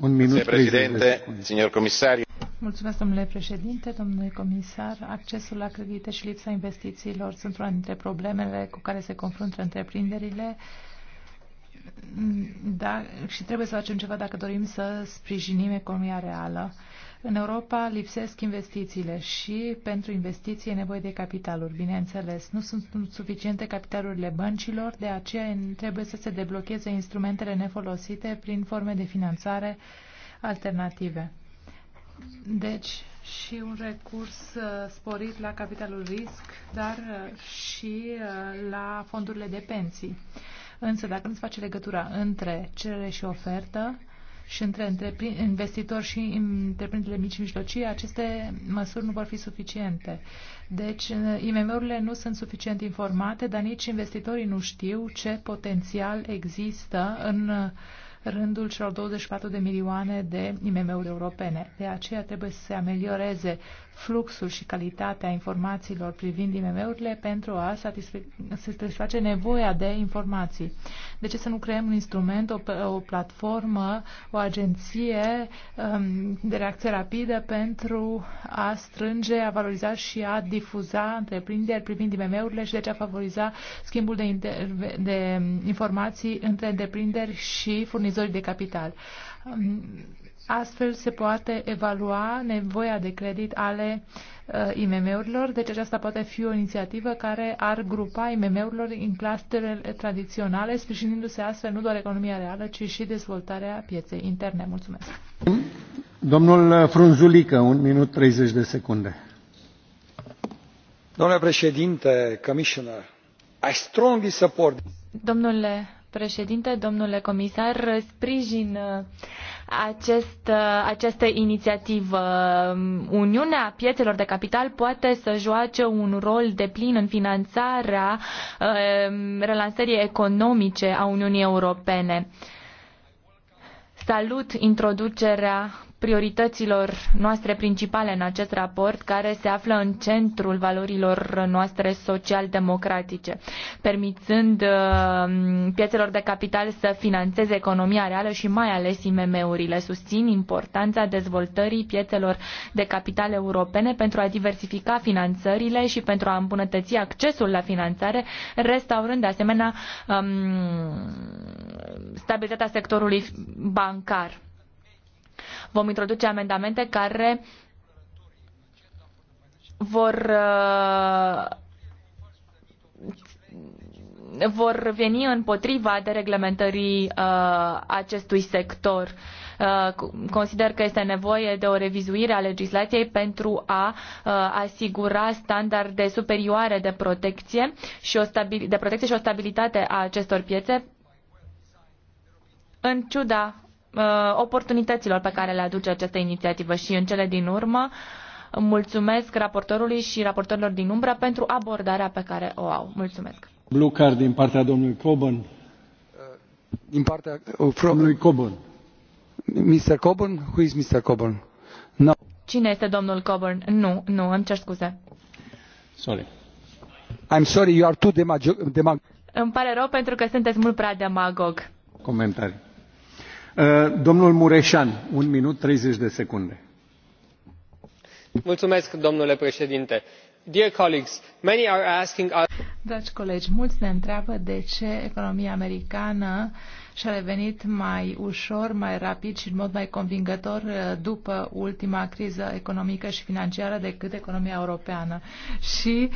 Un minut. Președinte, signor comisar, Mulțumesc, domnule președinte, domnule comisar. Accesul la credite și lipsa investițiilor sunt una dintre problemele cu care se confruntă întreprinderile. Da, și trebuie să facem ceva dacă dorim să sprijinim economia reală. În Europa lipsesc investițiile și pentru investiții e nevoie de capitaluri, bineînțeles. Nu sunt suficiente capitalurile băncilor, de aceea trebuie să se deblocheze instrumentele nefolosite prin forme de finanțare alternative. Deci, și un recurs uh, sporit la capitalul risc, dar uh, și uh, la fondurile de pensii. Însă, dacă nu se face legătura între cerere și ofertă, și între investitori și întreprinderile mici și mijlocii, aceste măsuri nu vor fi suficiente. Deci, IMM-urile nu sunt suficient informate, dar nici investitorii nu știu ce potențial există în uh, rândul celor 24 de milioane de IMM-uri europene. De aceea trebuie să se amelioreze fluxul și calitatea informațiilor privind IMM-urile pentru a satisface nevoia de informații. De ce să nu creăm un instrument, o, o platformă, o agenție um, de reacție rapidă pentru a strânge, a valoriza și a difuza întreprinderi privind IMM-urile și deci a favoriza schimbul de, de informații între întreprinderi și furnizorii de capital. Um, Astfel se poate evalua nevoia de credit ale uh, IMM-urilor, deci aceasta poate fi o inițiativă care ar grupa IMM-urilor în clusterele tradiționale, sprijinindu-se astfel nu doar economia reală, ci și dezvoltarea pieței interne. Mulțumesc! Domnul Frunzulică, un minut 30 de secunde. Domnule președinte, commissioner, I strongly support... Domnule președinte, domnule comisar, sprijin uh, acest, uh, această inițiativă. Um, Uniunea piețelor de capital poate să joace un rol de plin în finanțarea um, relansării economice a Uniunii Europene. Salut introducerea priorităților noastre principale în acest raport, care se află în centrul valorilor noastre social-democratice, permițând uh, piețelor de capital să financeze economia reală și mai ales IMM-urile. Susțin importanța dezvoltării piețelor de capital europene pentru a diversifica finanțările și pentru a îmbunătăți accesul la finanțare, restaurând de asemenea um, stabilitatea sectorului bancar. Vom introduce amendamente care vor uh, vor veni împotriva de uh, acestui sector. Uh, consider că este nevoie de o revizuire a legislației pentru a uh, asigura standarde superioare de protecție, și o de protecție și o stabilitate a acestor piețe, în ciuda Uh, oportunităților pe care le aduce această inițiativă și în cele din urmă mulțumesc raportorului și raportorilor din umbră pentru abordarea pe care o au. Mulțumesc. Blue card din partea domnului Coburn. Uh, din partea uh, domnului Coburn. Mr. Coburn? Who is Mr. Coburn? No. Cine este domnul Coburn? Nu, nu, îmi cer scuze. Sorry. I'm sorry, you are too demagog. Demag- îmi pare rău pentru că sunteți mult prea demagog. Comentarii. Uh, domnul Mureșan, un minut 30 de secunde. Mulțumesc, domnule președinte. Dear colleagues, many are asking us... Dragi colegi, mulți ne întreabă de ce economia americană și-a revenit mai ușor, mai rapid și în mod mai convingător uh, după ultima criză economică și financiară decât economia europeană. Și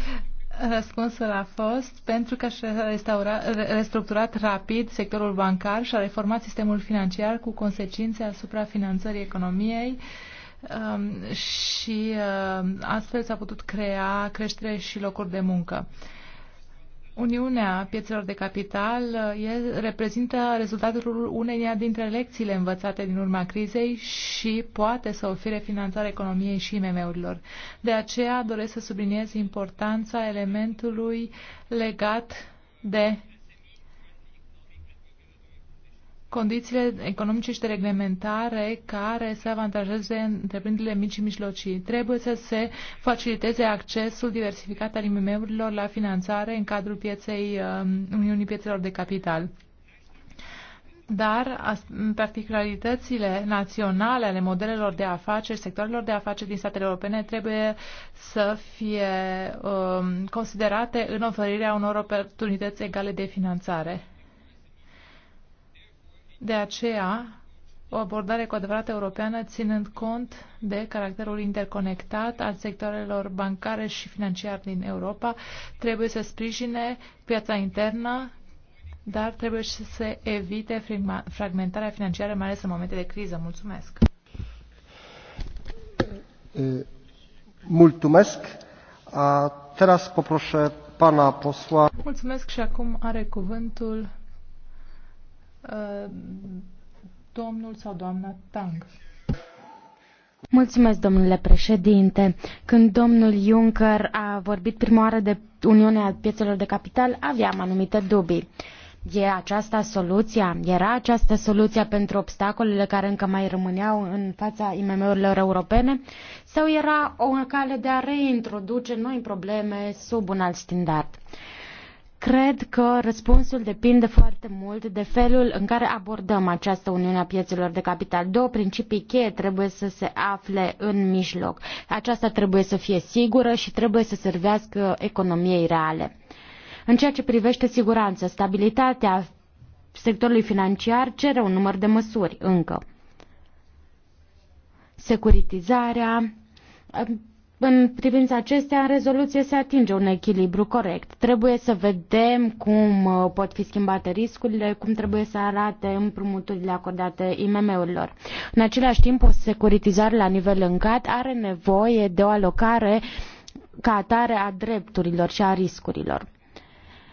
Răspunsul a fost pentru că și-a restructurat rapid sectorul bancar și a reformat sistemul financiar cu consecințe asupra finanțării economiei um, și uh, astfel s-a putut crea creștere și locuri de muncă. Uniunea piețelor de capital uh, e, reprezintă rezultatul uneia dintre lecțiile învățate din urma crizei și poate să ofere finanțare economiei și IMM-urilor. De aceea doresc să subliniez importanța elementului legat de condițiile economice și de reglementare care să avantajeze întreprinderile mici și mijlocii. Trebuie să se faciliteze accesul diversificat al IMM-urilor la finanțare în cadrul pieței um, Uniunii Piețelor de Capital. Dar particularitățile naționale ale modelelor de afaceri, sectorilor de afaceri din statele europene trebuie să fie um, considerate în oferirea unor oportunități egale de finanțare. De aceea, o abordare cu adevărat europeană, ținând cont de caracterul interconectat al sectoarelor bancare și financiar din Europa, trebuie să sprijine piața internă, dar trebuie și să se evite fragmentarea financiară, mai ales în momente de criză. Mulțumesc! Mulțumesc! A, teraz poproșe pana posła. Mulțumesc și acum are cuvântul Uh, domnul sau doamna Tang. Mulțumesc, domnule președinte. Când domnul Juncker a vorbit prima oară de Uniunea Piețelor de Capital, aveam anumite dubii. E aceasta soluția? Era aceasta soluția pentru obstacolele care încă mai rămâneau în fața IMM-urilor europene? Sau era o cale de a reintroduce noi probleme sub un alt standard? Cred că răspunsul depinde foarte mult de felul în care abordăm această Uniune a Piețelor de Capital. Două principii cheie trebuie să se afle în mijloc. Aceasta trebuie să fie sigură și trebuie să servească economiei reale. În ceea ce privește siguranța, stabilitatea sectorului financiar cere un număr de măsuri încă. Securitizarea, în privința acestea, în rezoluție se atinge un echilibru corect. Trebuie să vedem cum uh, pot fi schimbate riscurile, cum trebuie să arate împrumuturile acordate IMM-urilor. În același timp, o securitizare la nivel încat are nevoie de o alocare ca atare a drepturilor și a riscurilor.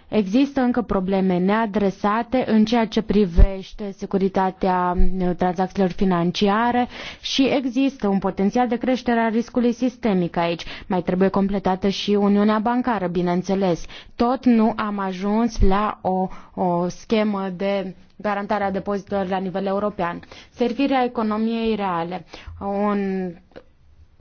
Există încă probleme neadresate în ceea ce privește securitatea uh, tranzacțiilor financiare și există un potențial de creștere a riscului sistemic aici. Mai trebuie completată și Uniunea Bancară, bineînțeles. Tot nu am ajuns la o, o schemă de a depozitelor la nivel european. Servirea economiei reale, un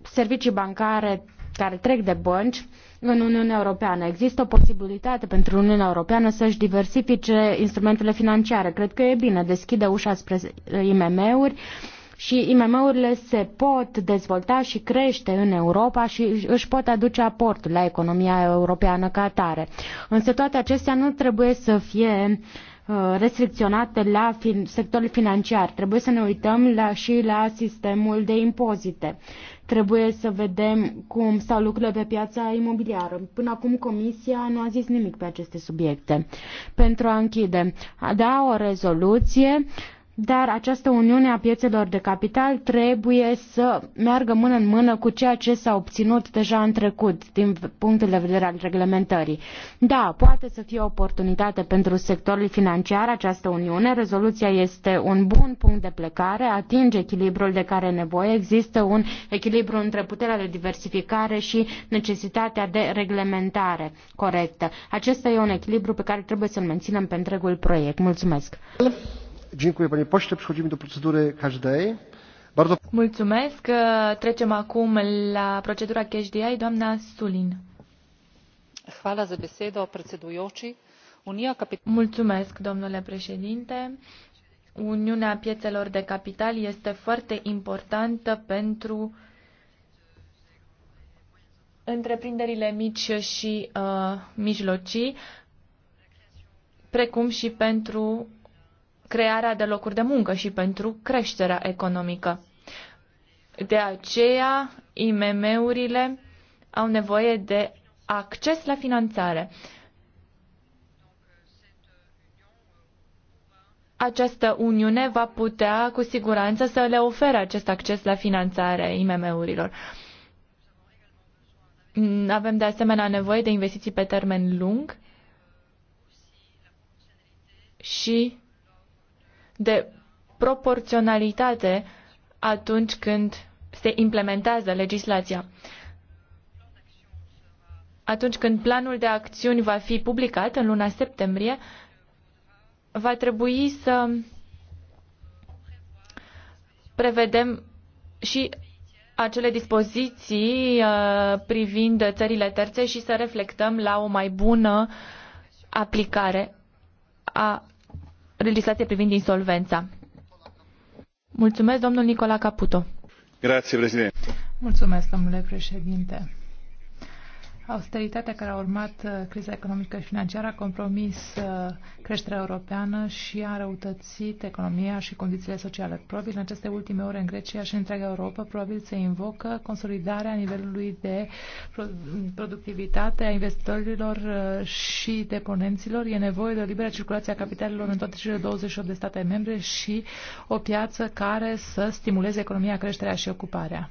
servicii bancare care trec de bănci, în Uniunea Europeană. Există o posibilitate pentru Uniunea Europeană să-și diversifice instrumentele financiare. Cred că e bine, deschide ușa spre IMM-uri și IMM-urile se pot dezvolta și crește în Europa și își pot aduce aportul la economia europeană ca atare. Însă toate acestea nu trebuie să fie uh, Uh, restricționate la fin, sectorul financiar. Trebuie să ne uităm la, și la sistemul de impozite. Trebuie să vedem cum stau lucrurile pe piața imobiliară. Până acum Comisia nu a zis nimic pe aceste subiecte. Pentru a închide, a da o rezoluție, uh, dar această uniune a piețelor de capital trebuie să meargă mână în mână cu ceea ce s-a obținut deja în trecut din punctul de vedere al reglementării. Da, poate să fie o oportunitate pentru sectorul financiar această uniune. Rezoluția este un bun punct de plecare, atinge echilibrul de care e nevoie. Există un echilibru între puterea de diversificare și necesitatea de reglementare corectă. Acesta e un echilibru pe care trebuie să-l menținem pe întregul proiect. Mulțumesc! Dziękuję, panie pośle. Przechodzimy do procedury cash day. Bardzo... Mulțumesc. Trecem acum la procedura cash day. Doamna Sulin. Hvala za besedo, predsedujoči. Unia Mulțumesc, domnule președinte. Uniunea piețelor de capital este foarte importantă pentru întreprinderile mici și uh, mijlocii, precum și pentru crearea de locuri de muncă și pentru creșterea economică. De aceea, IMM-urile au nevoie de acces la finanțare. Această uniune va putea cu siguranță să le ofere acest acces la finanțare IMM-urilor. Avem de asemenea nevoie de investiții pe termen lung și de proporționalitate atunci când se implementează legislația. Atunci când planul de acțiuni va fi publicat în luna septembrie, va trebui să prevedem și acele dispoziții uh, privind țările terțe și să reflectăm la o mai bună aplicare a legislație privind insolvența. Mulțumesc, domnul Nicola Caputo. Grazie, Mulțumesc, domnule președinte. Austeritatea care a urmat uh, criza economică și financiară a compromis uh, creșterea europeană și a răutățit economia și condițiile sociale. Probabil în aceste ultime ore în Grecia și în întreaga Europa probabil se invocă consolidarea nivelului de productivitate a investitorilor uh, și deponenților. E nevoie de o liberă circulație a capitalelor în toate cele 28 de state membre și o piață care să stimuleze economia, creșterea și ocuparea.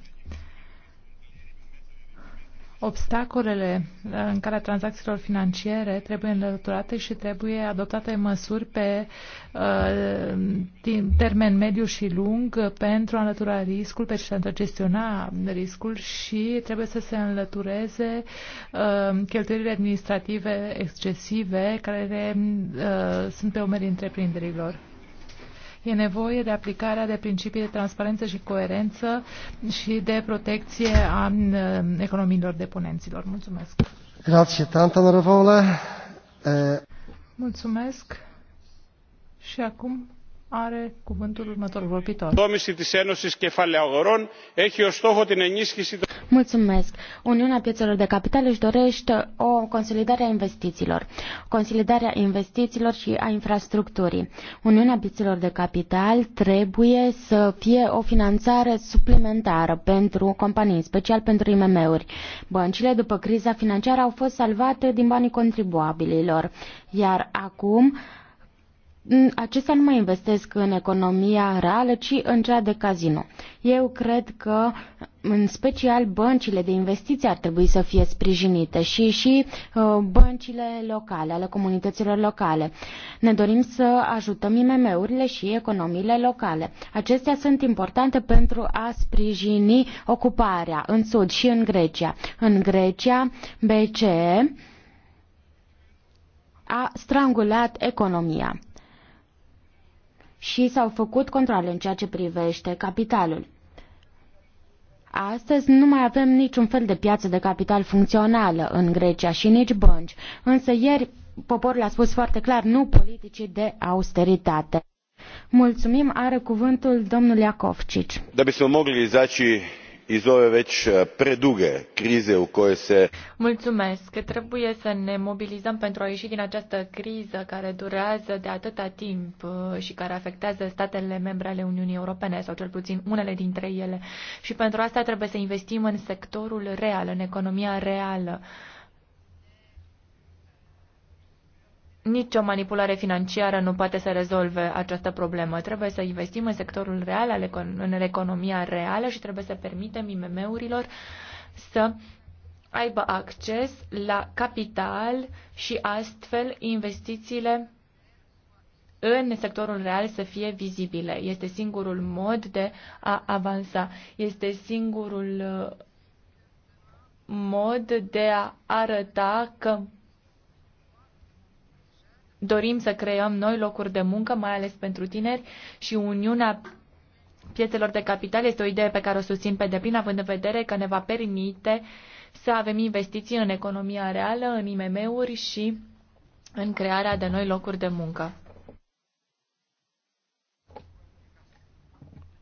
Obstacolele uh, în calea tranzacțiilor financiare trebuie înlăturate și trebuie adoptate măsuri pe uh, termen mediu și lung pentru a înlătura riscul, pentru a gestiona riscul și trebuie să se înlătureze uh, cheltuielile administrative excesive care uh, sunt pe umerii întreprinderilor. E nevoie de aplicarea de principii de transparență și coerență și de protecție a economiilor deponenților. Mulțumesc! Grazie, tanta onorevole! Eh, Mulțumesc! Și acum are cuvântul următorul vorbitor. Mulțumesc. Uniunea piețelor de capital își dorește o consolidare a investițiilor, consolidarea investițiilor și a infrastructurii. Uniunea piețelor de capital trebuie să fie o finanțare suplimentară pentru companii, special pentru IMM-uri. Băncile după criza financiară au fost salvate din banii contribuabililor, iar acum acestea nu mai investesc în economia reală, ci în cea de casino. Eu cred că, în special, băncile de investiții ar trebui să fie sprijinite și, și uh, băncile locale, ale comunităților locale. Ne dorim să ajutăm IMM-urile și economiile locale. Acestea sunt importante pentru a sprijini ocuparea în Sud și în Grecia. În Grecia, BCE a strangulat economia și s-au făcut controle în ceea ce privește capitalul. Astăzi nu mai avem niciun fel de piață de capital funcțională în Grecia și nici bănci, însă ieri poporul a spus foarte clar nu politicii de austeritate. Mulțumim, are cuvântul domnul Iacovcici. Da bismo mogli izaći iz ove već preduge u kojoj se. Mulțumesc. Trebuie să ne mobilizăm pentru a ieși din această criză care durează de atâta timp și care afectează statele membre ale Uniunii Europene sau cel puțin unele dintre ele. Și pentru asta trebuie să investim în sectorul real, în economia reală. Nici o manipulare financiară nu poate să rezolve această problemă. Trebuie să investim în sectorul real, în economia reală și trebuie să permitem IMM-urilor să aibă acces la capital și astfel investițiile în sectorul real să fie vizibile. Este singurul mod de a avansa. Este singurul uh, mod de a arăta că dorim să creăm noi locuri de muncă, mai ales pentru tineri și Uniunea piețelor de capital este o idee pe care o susțin pe deplin, având în vedere că ne va permite să avem investiții în economia reală, în IMM-uri și în crearea de noi locuri de muncă.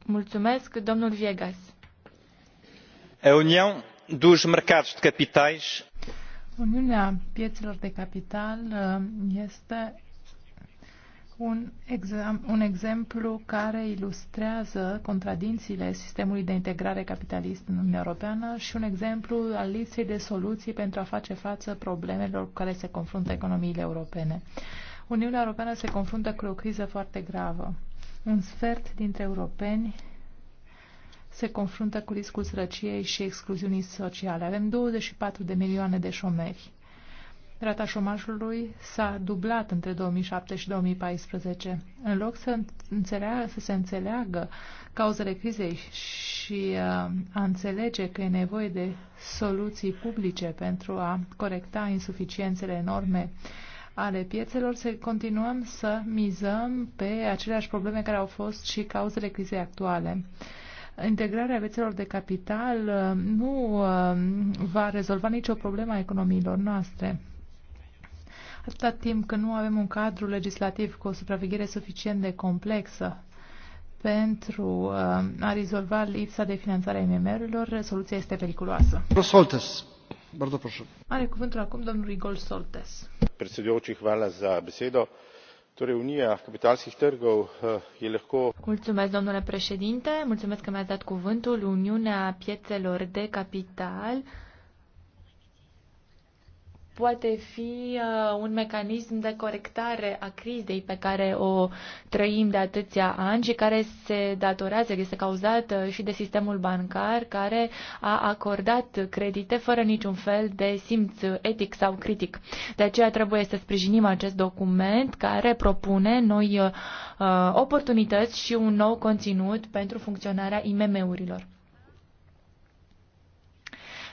Mulțumesc, domnul Viegas. A União dos Mercados de Capitais Uniunea piețelor de capital uh, este un, exam, un exemplu care ilustrează contradințiile sistemului de integrare capitalist în Uniunea Europeană și un exemplu al lipsei de soluții pentru a face față problemelor cu care se confruntă economiile europene. Uniunea Europeană se confruntă cu o criză foarte gravă. Un sfert dintre europeni se confruntă cu riscul sărăciei și excluziunii sociale. Avem 24 de milioane de șomeri. Rata șomajului s-a dublat între 2007 și 2014. În loc să, înțeleagă, să se înțeleagă cauzele crizei și uh, a înțelege că e nevoie de soluții publice pentru a corecta insuficiențele enorme ale piețelor, să continuăm să mizăm pe aceleași probleme care au fost și cauzele crizei actuale. Uh, integrarea rețelor de capital uh, nu uh, va rezolva nicio problemă a economiilor noastre. Atâta timp când nu avem un cadru legislativ cu o supraveghere suficient de complexă pentru uh, a rezolva lipsa de finanțare a mmr urilor soluția este periculoasă. Are cuvântul acum domnul Igor Soltes. Predsedujoči, hvala za besedo. Torej, Unija kapitalskih trgov eh, je lahko. Mulțumesc, domnule președinte, mulțumesc că mi-ați dat cuvântul. Uniunea piețelor de capital poate fi uh, un mecanism de corectare a crizei pe care o trăim de atâția ani și care se datorează, este cauzată uh, și de sistemul bancar care a acordat credite fără niciun fel de simț etic sau critic. De aceea trebuie să sprijinim acest document care propune noi uh, oportunități și un nou conținut pentru funcționarea IMM-urilor.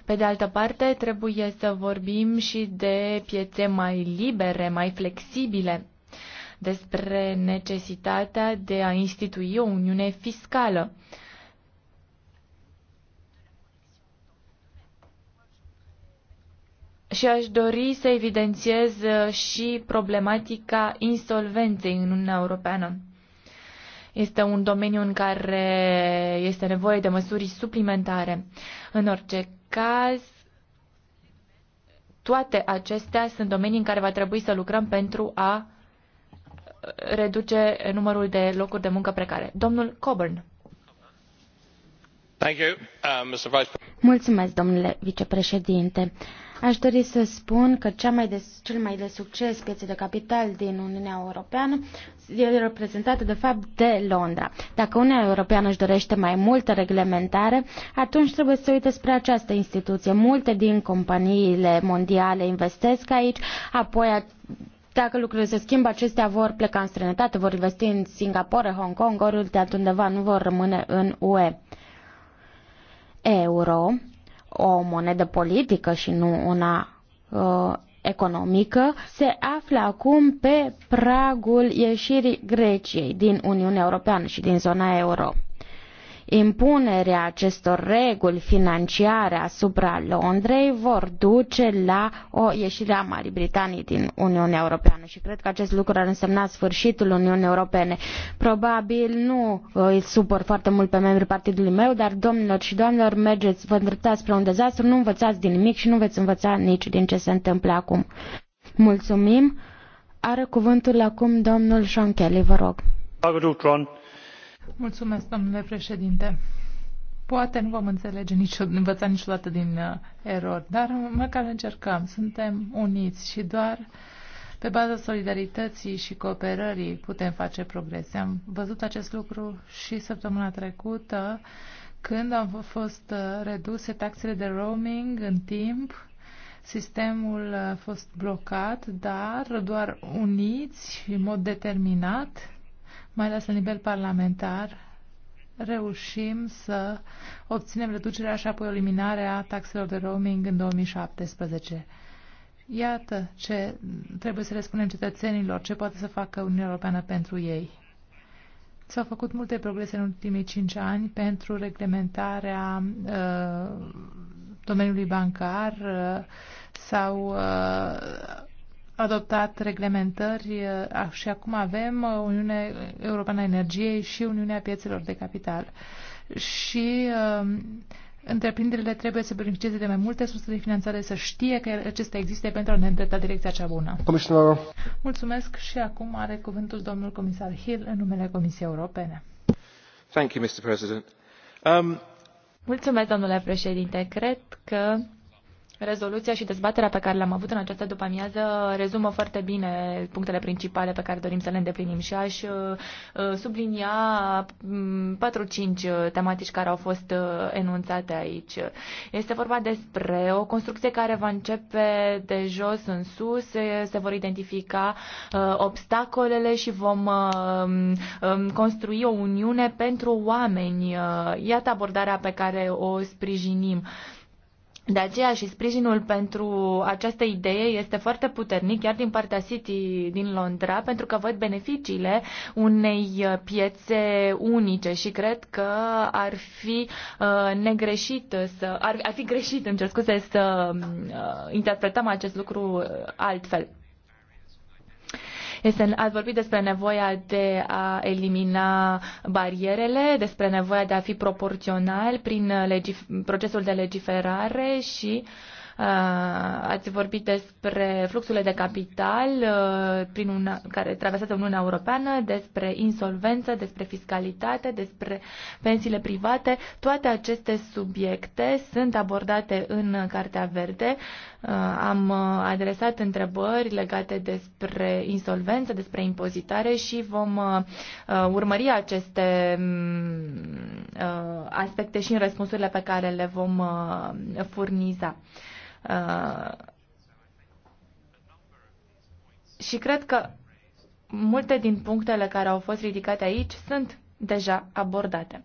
Pe de altă parte, trebuie să vorbim și de piețe mai libere, mai flexibile, despre necesitatea de a institui o uniune fiscală. Și aș dori să evidențiez și problematica insolvenței în Uniunea Europeană. Este un domeniu în care este nevoie de măsuri suplimentare. În orice caz, toate acestea sunt domenii în care va trebui să lucrăm pentru a reduce numărul de locuri de muncă precare. Domnul Coburn. Uh, Mulțumesc, domnule vicepreședinte. Aș dori să spun că cea mai de, cel mai de succes piețe de capital din Uniunea Europeană e reprezentată de fapt de Londra. Dacă Uniunea Europeană își dorește mai multă reglementare, atunci trebuie să uite spre această instituție. Multe din companiile mondiale investesc aici, apoi dacă lucrurile se schimbă, acestea vor pleca în străinătate, vor investi în Singapore, Hong Kong, ori altundeva, nu vor rămâne în UE. Euro o monedă politică și nu una uh, economică, se află acum pe pragul ieșirii Greciei din Uniunea Europeană și din zona euro. Impunerea acestor reguli financiare asupra Londrei vor duce la o ieșire a Marii Britanii din Uniunea Europeană și cred că acest lucru ar însemna sfârșitul Uniunii Europene. Probabil nu uh, îi supăr foarte mult pe membrii partidului meu, dar domnilor și doamnelor, mergeți, vă îndreptați spre un dezastru, nu învățați din nimic și nu veți învăța nici din ce se întâmplă acum. Mulțumim. Are cuvântul acum domnul Sean Kelly, vă rog. Mulțumesc, domnule președinte. Poate nu vom înțelege nicio, învăța niciodată din uh, erori, dar măcar încercăm. Suntem uniți și doar pe baza solidarității și cooperării putem face progrese. Am văzut acest lucru și săptămâna trecută, când au fost uh, reduse taxele de roaming în timp. Sistemul uh, a fost blocat, dar doar uniți, în mod determinat, mai ales la nivel parlamentar, reușim să obținem reducerea și apoi eliminarea taxelor de roaming în 2017. Iată ce trebuie să le spunem cetățenilor, ce poate să facă Uniunea Europeană pentru ei. S-au făcut multe progrese în ultimii cinci ani pentru reglementarea uh, domeniului bancar uh, sau uh, adoptat reglementări uh, și acum avem uh, Uniunea Europeană a Energiei și Uniunea Piețelor de Capital. Și um, întreprinderile trebuie să beneficieze de mai multe surse de finanțare, să știe că acestea există pentru a ne îndrepta direcția cea bună. Comisar. Mulțumesc și acum are cuvântul domnul comisar Hill în numele Comisiei Europene. Thank you, Mr. President. Um... Mulțumesc, domnule președinte. Cred că Rezoluția și dezbaterea pe care l am avut în această după-amiază rezumă foarte bine punctele principale pe care dorim să le îndeplinim și aș uh, uh, sublinia 4-5 mm, uh, tematici care au fost enunțate aici. Este vorba despre o construcție care va începe de jos în sus, se vor identifica obstacolele și vom um, construi o uniune pentru oameni. Iată abordarea pe care o sprijinim. De aceea și sprijinul pentru această idee este foarte puternic, chiar din partea City din Londra, pentru că văd beneficiile unei uh, piețe unice și cred că ar fi uh, negreșit să, ar, ar fi greșit, îmi cer scuze, să uh, interpretăm acest lucru uh, altfel. Este, ați vorbit despre nevoia de a elimina barierele, despre nevoia de a fi proporțional prin procesul de legiferare și uh, Uh, ați vorbit despre fluxurile de capital uh, prin una, care traversează Uniunea Europeană, despre insolvență, despre fiscalitate, despre pensiile private. Toate aceste subiecte sunt abordate în Cartea Verde. Uh, am adresat întrebări legate despre insolvență, despre impozitare și vom urmări aceste mm, aspecte și în răspunsurile pe care le vom furniza. Uh, și cred că multe din punctele care au fost ridicate aici sunt deja abordate.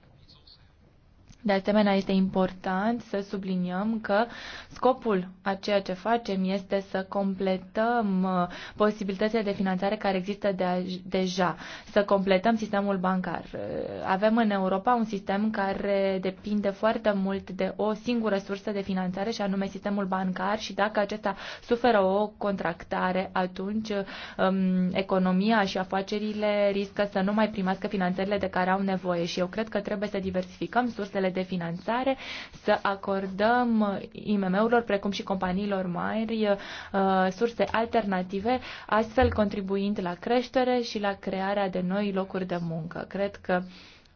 De asemenea, este important să subliniem că scopul a ceea ce facem este să completăm uh, posibilitățile de finanțare care există de deja, să completăm sistemul bancar. Uh, avem în Europa un sistem care depinde foarte mult de o singură sursă de finanțare și anume sistemul bancar și dacă acesta suferă o contractare, atunci um, economia și afacerile riscă să nu mai primească finanțările de care au nevoie și eu cred că trebuie să diversificăm sursele de finanțare, să acordăm IMM-urilor, precum și companiilor mari, uh, surse alternative, astfel contribuind la creștere și la crearea de noi locuri de muncă. Cred că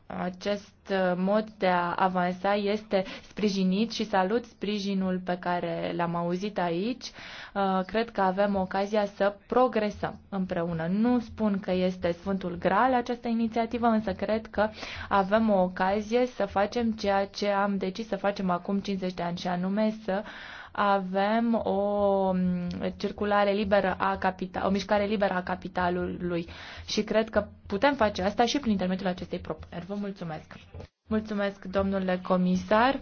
acest uh, mod de a avansa este sprijinit și salut sprijinul pe care l-am auzit aici. Uh, cred că avem ocazia să progresăm împreună. Nu spun că este Sfântul Graal această inițiativă, însă cred că avem o ocazie să facem ceea ce am decis să facem acum 50 de ani și anume să uh, avem o mm, circulare liberă a capital, o mișcare liberă a capitalului și cred că putem face asta și prin intermediul acestei propuneri. Vă mulțumesc! Mulțumesc, domnule comisar!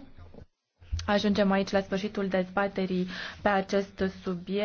Ajungem aici la sfârșitul dezbaterii pe acest subiect.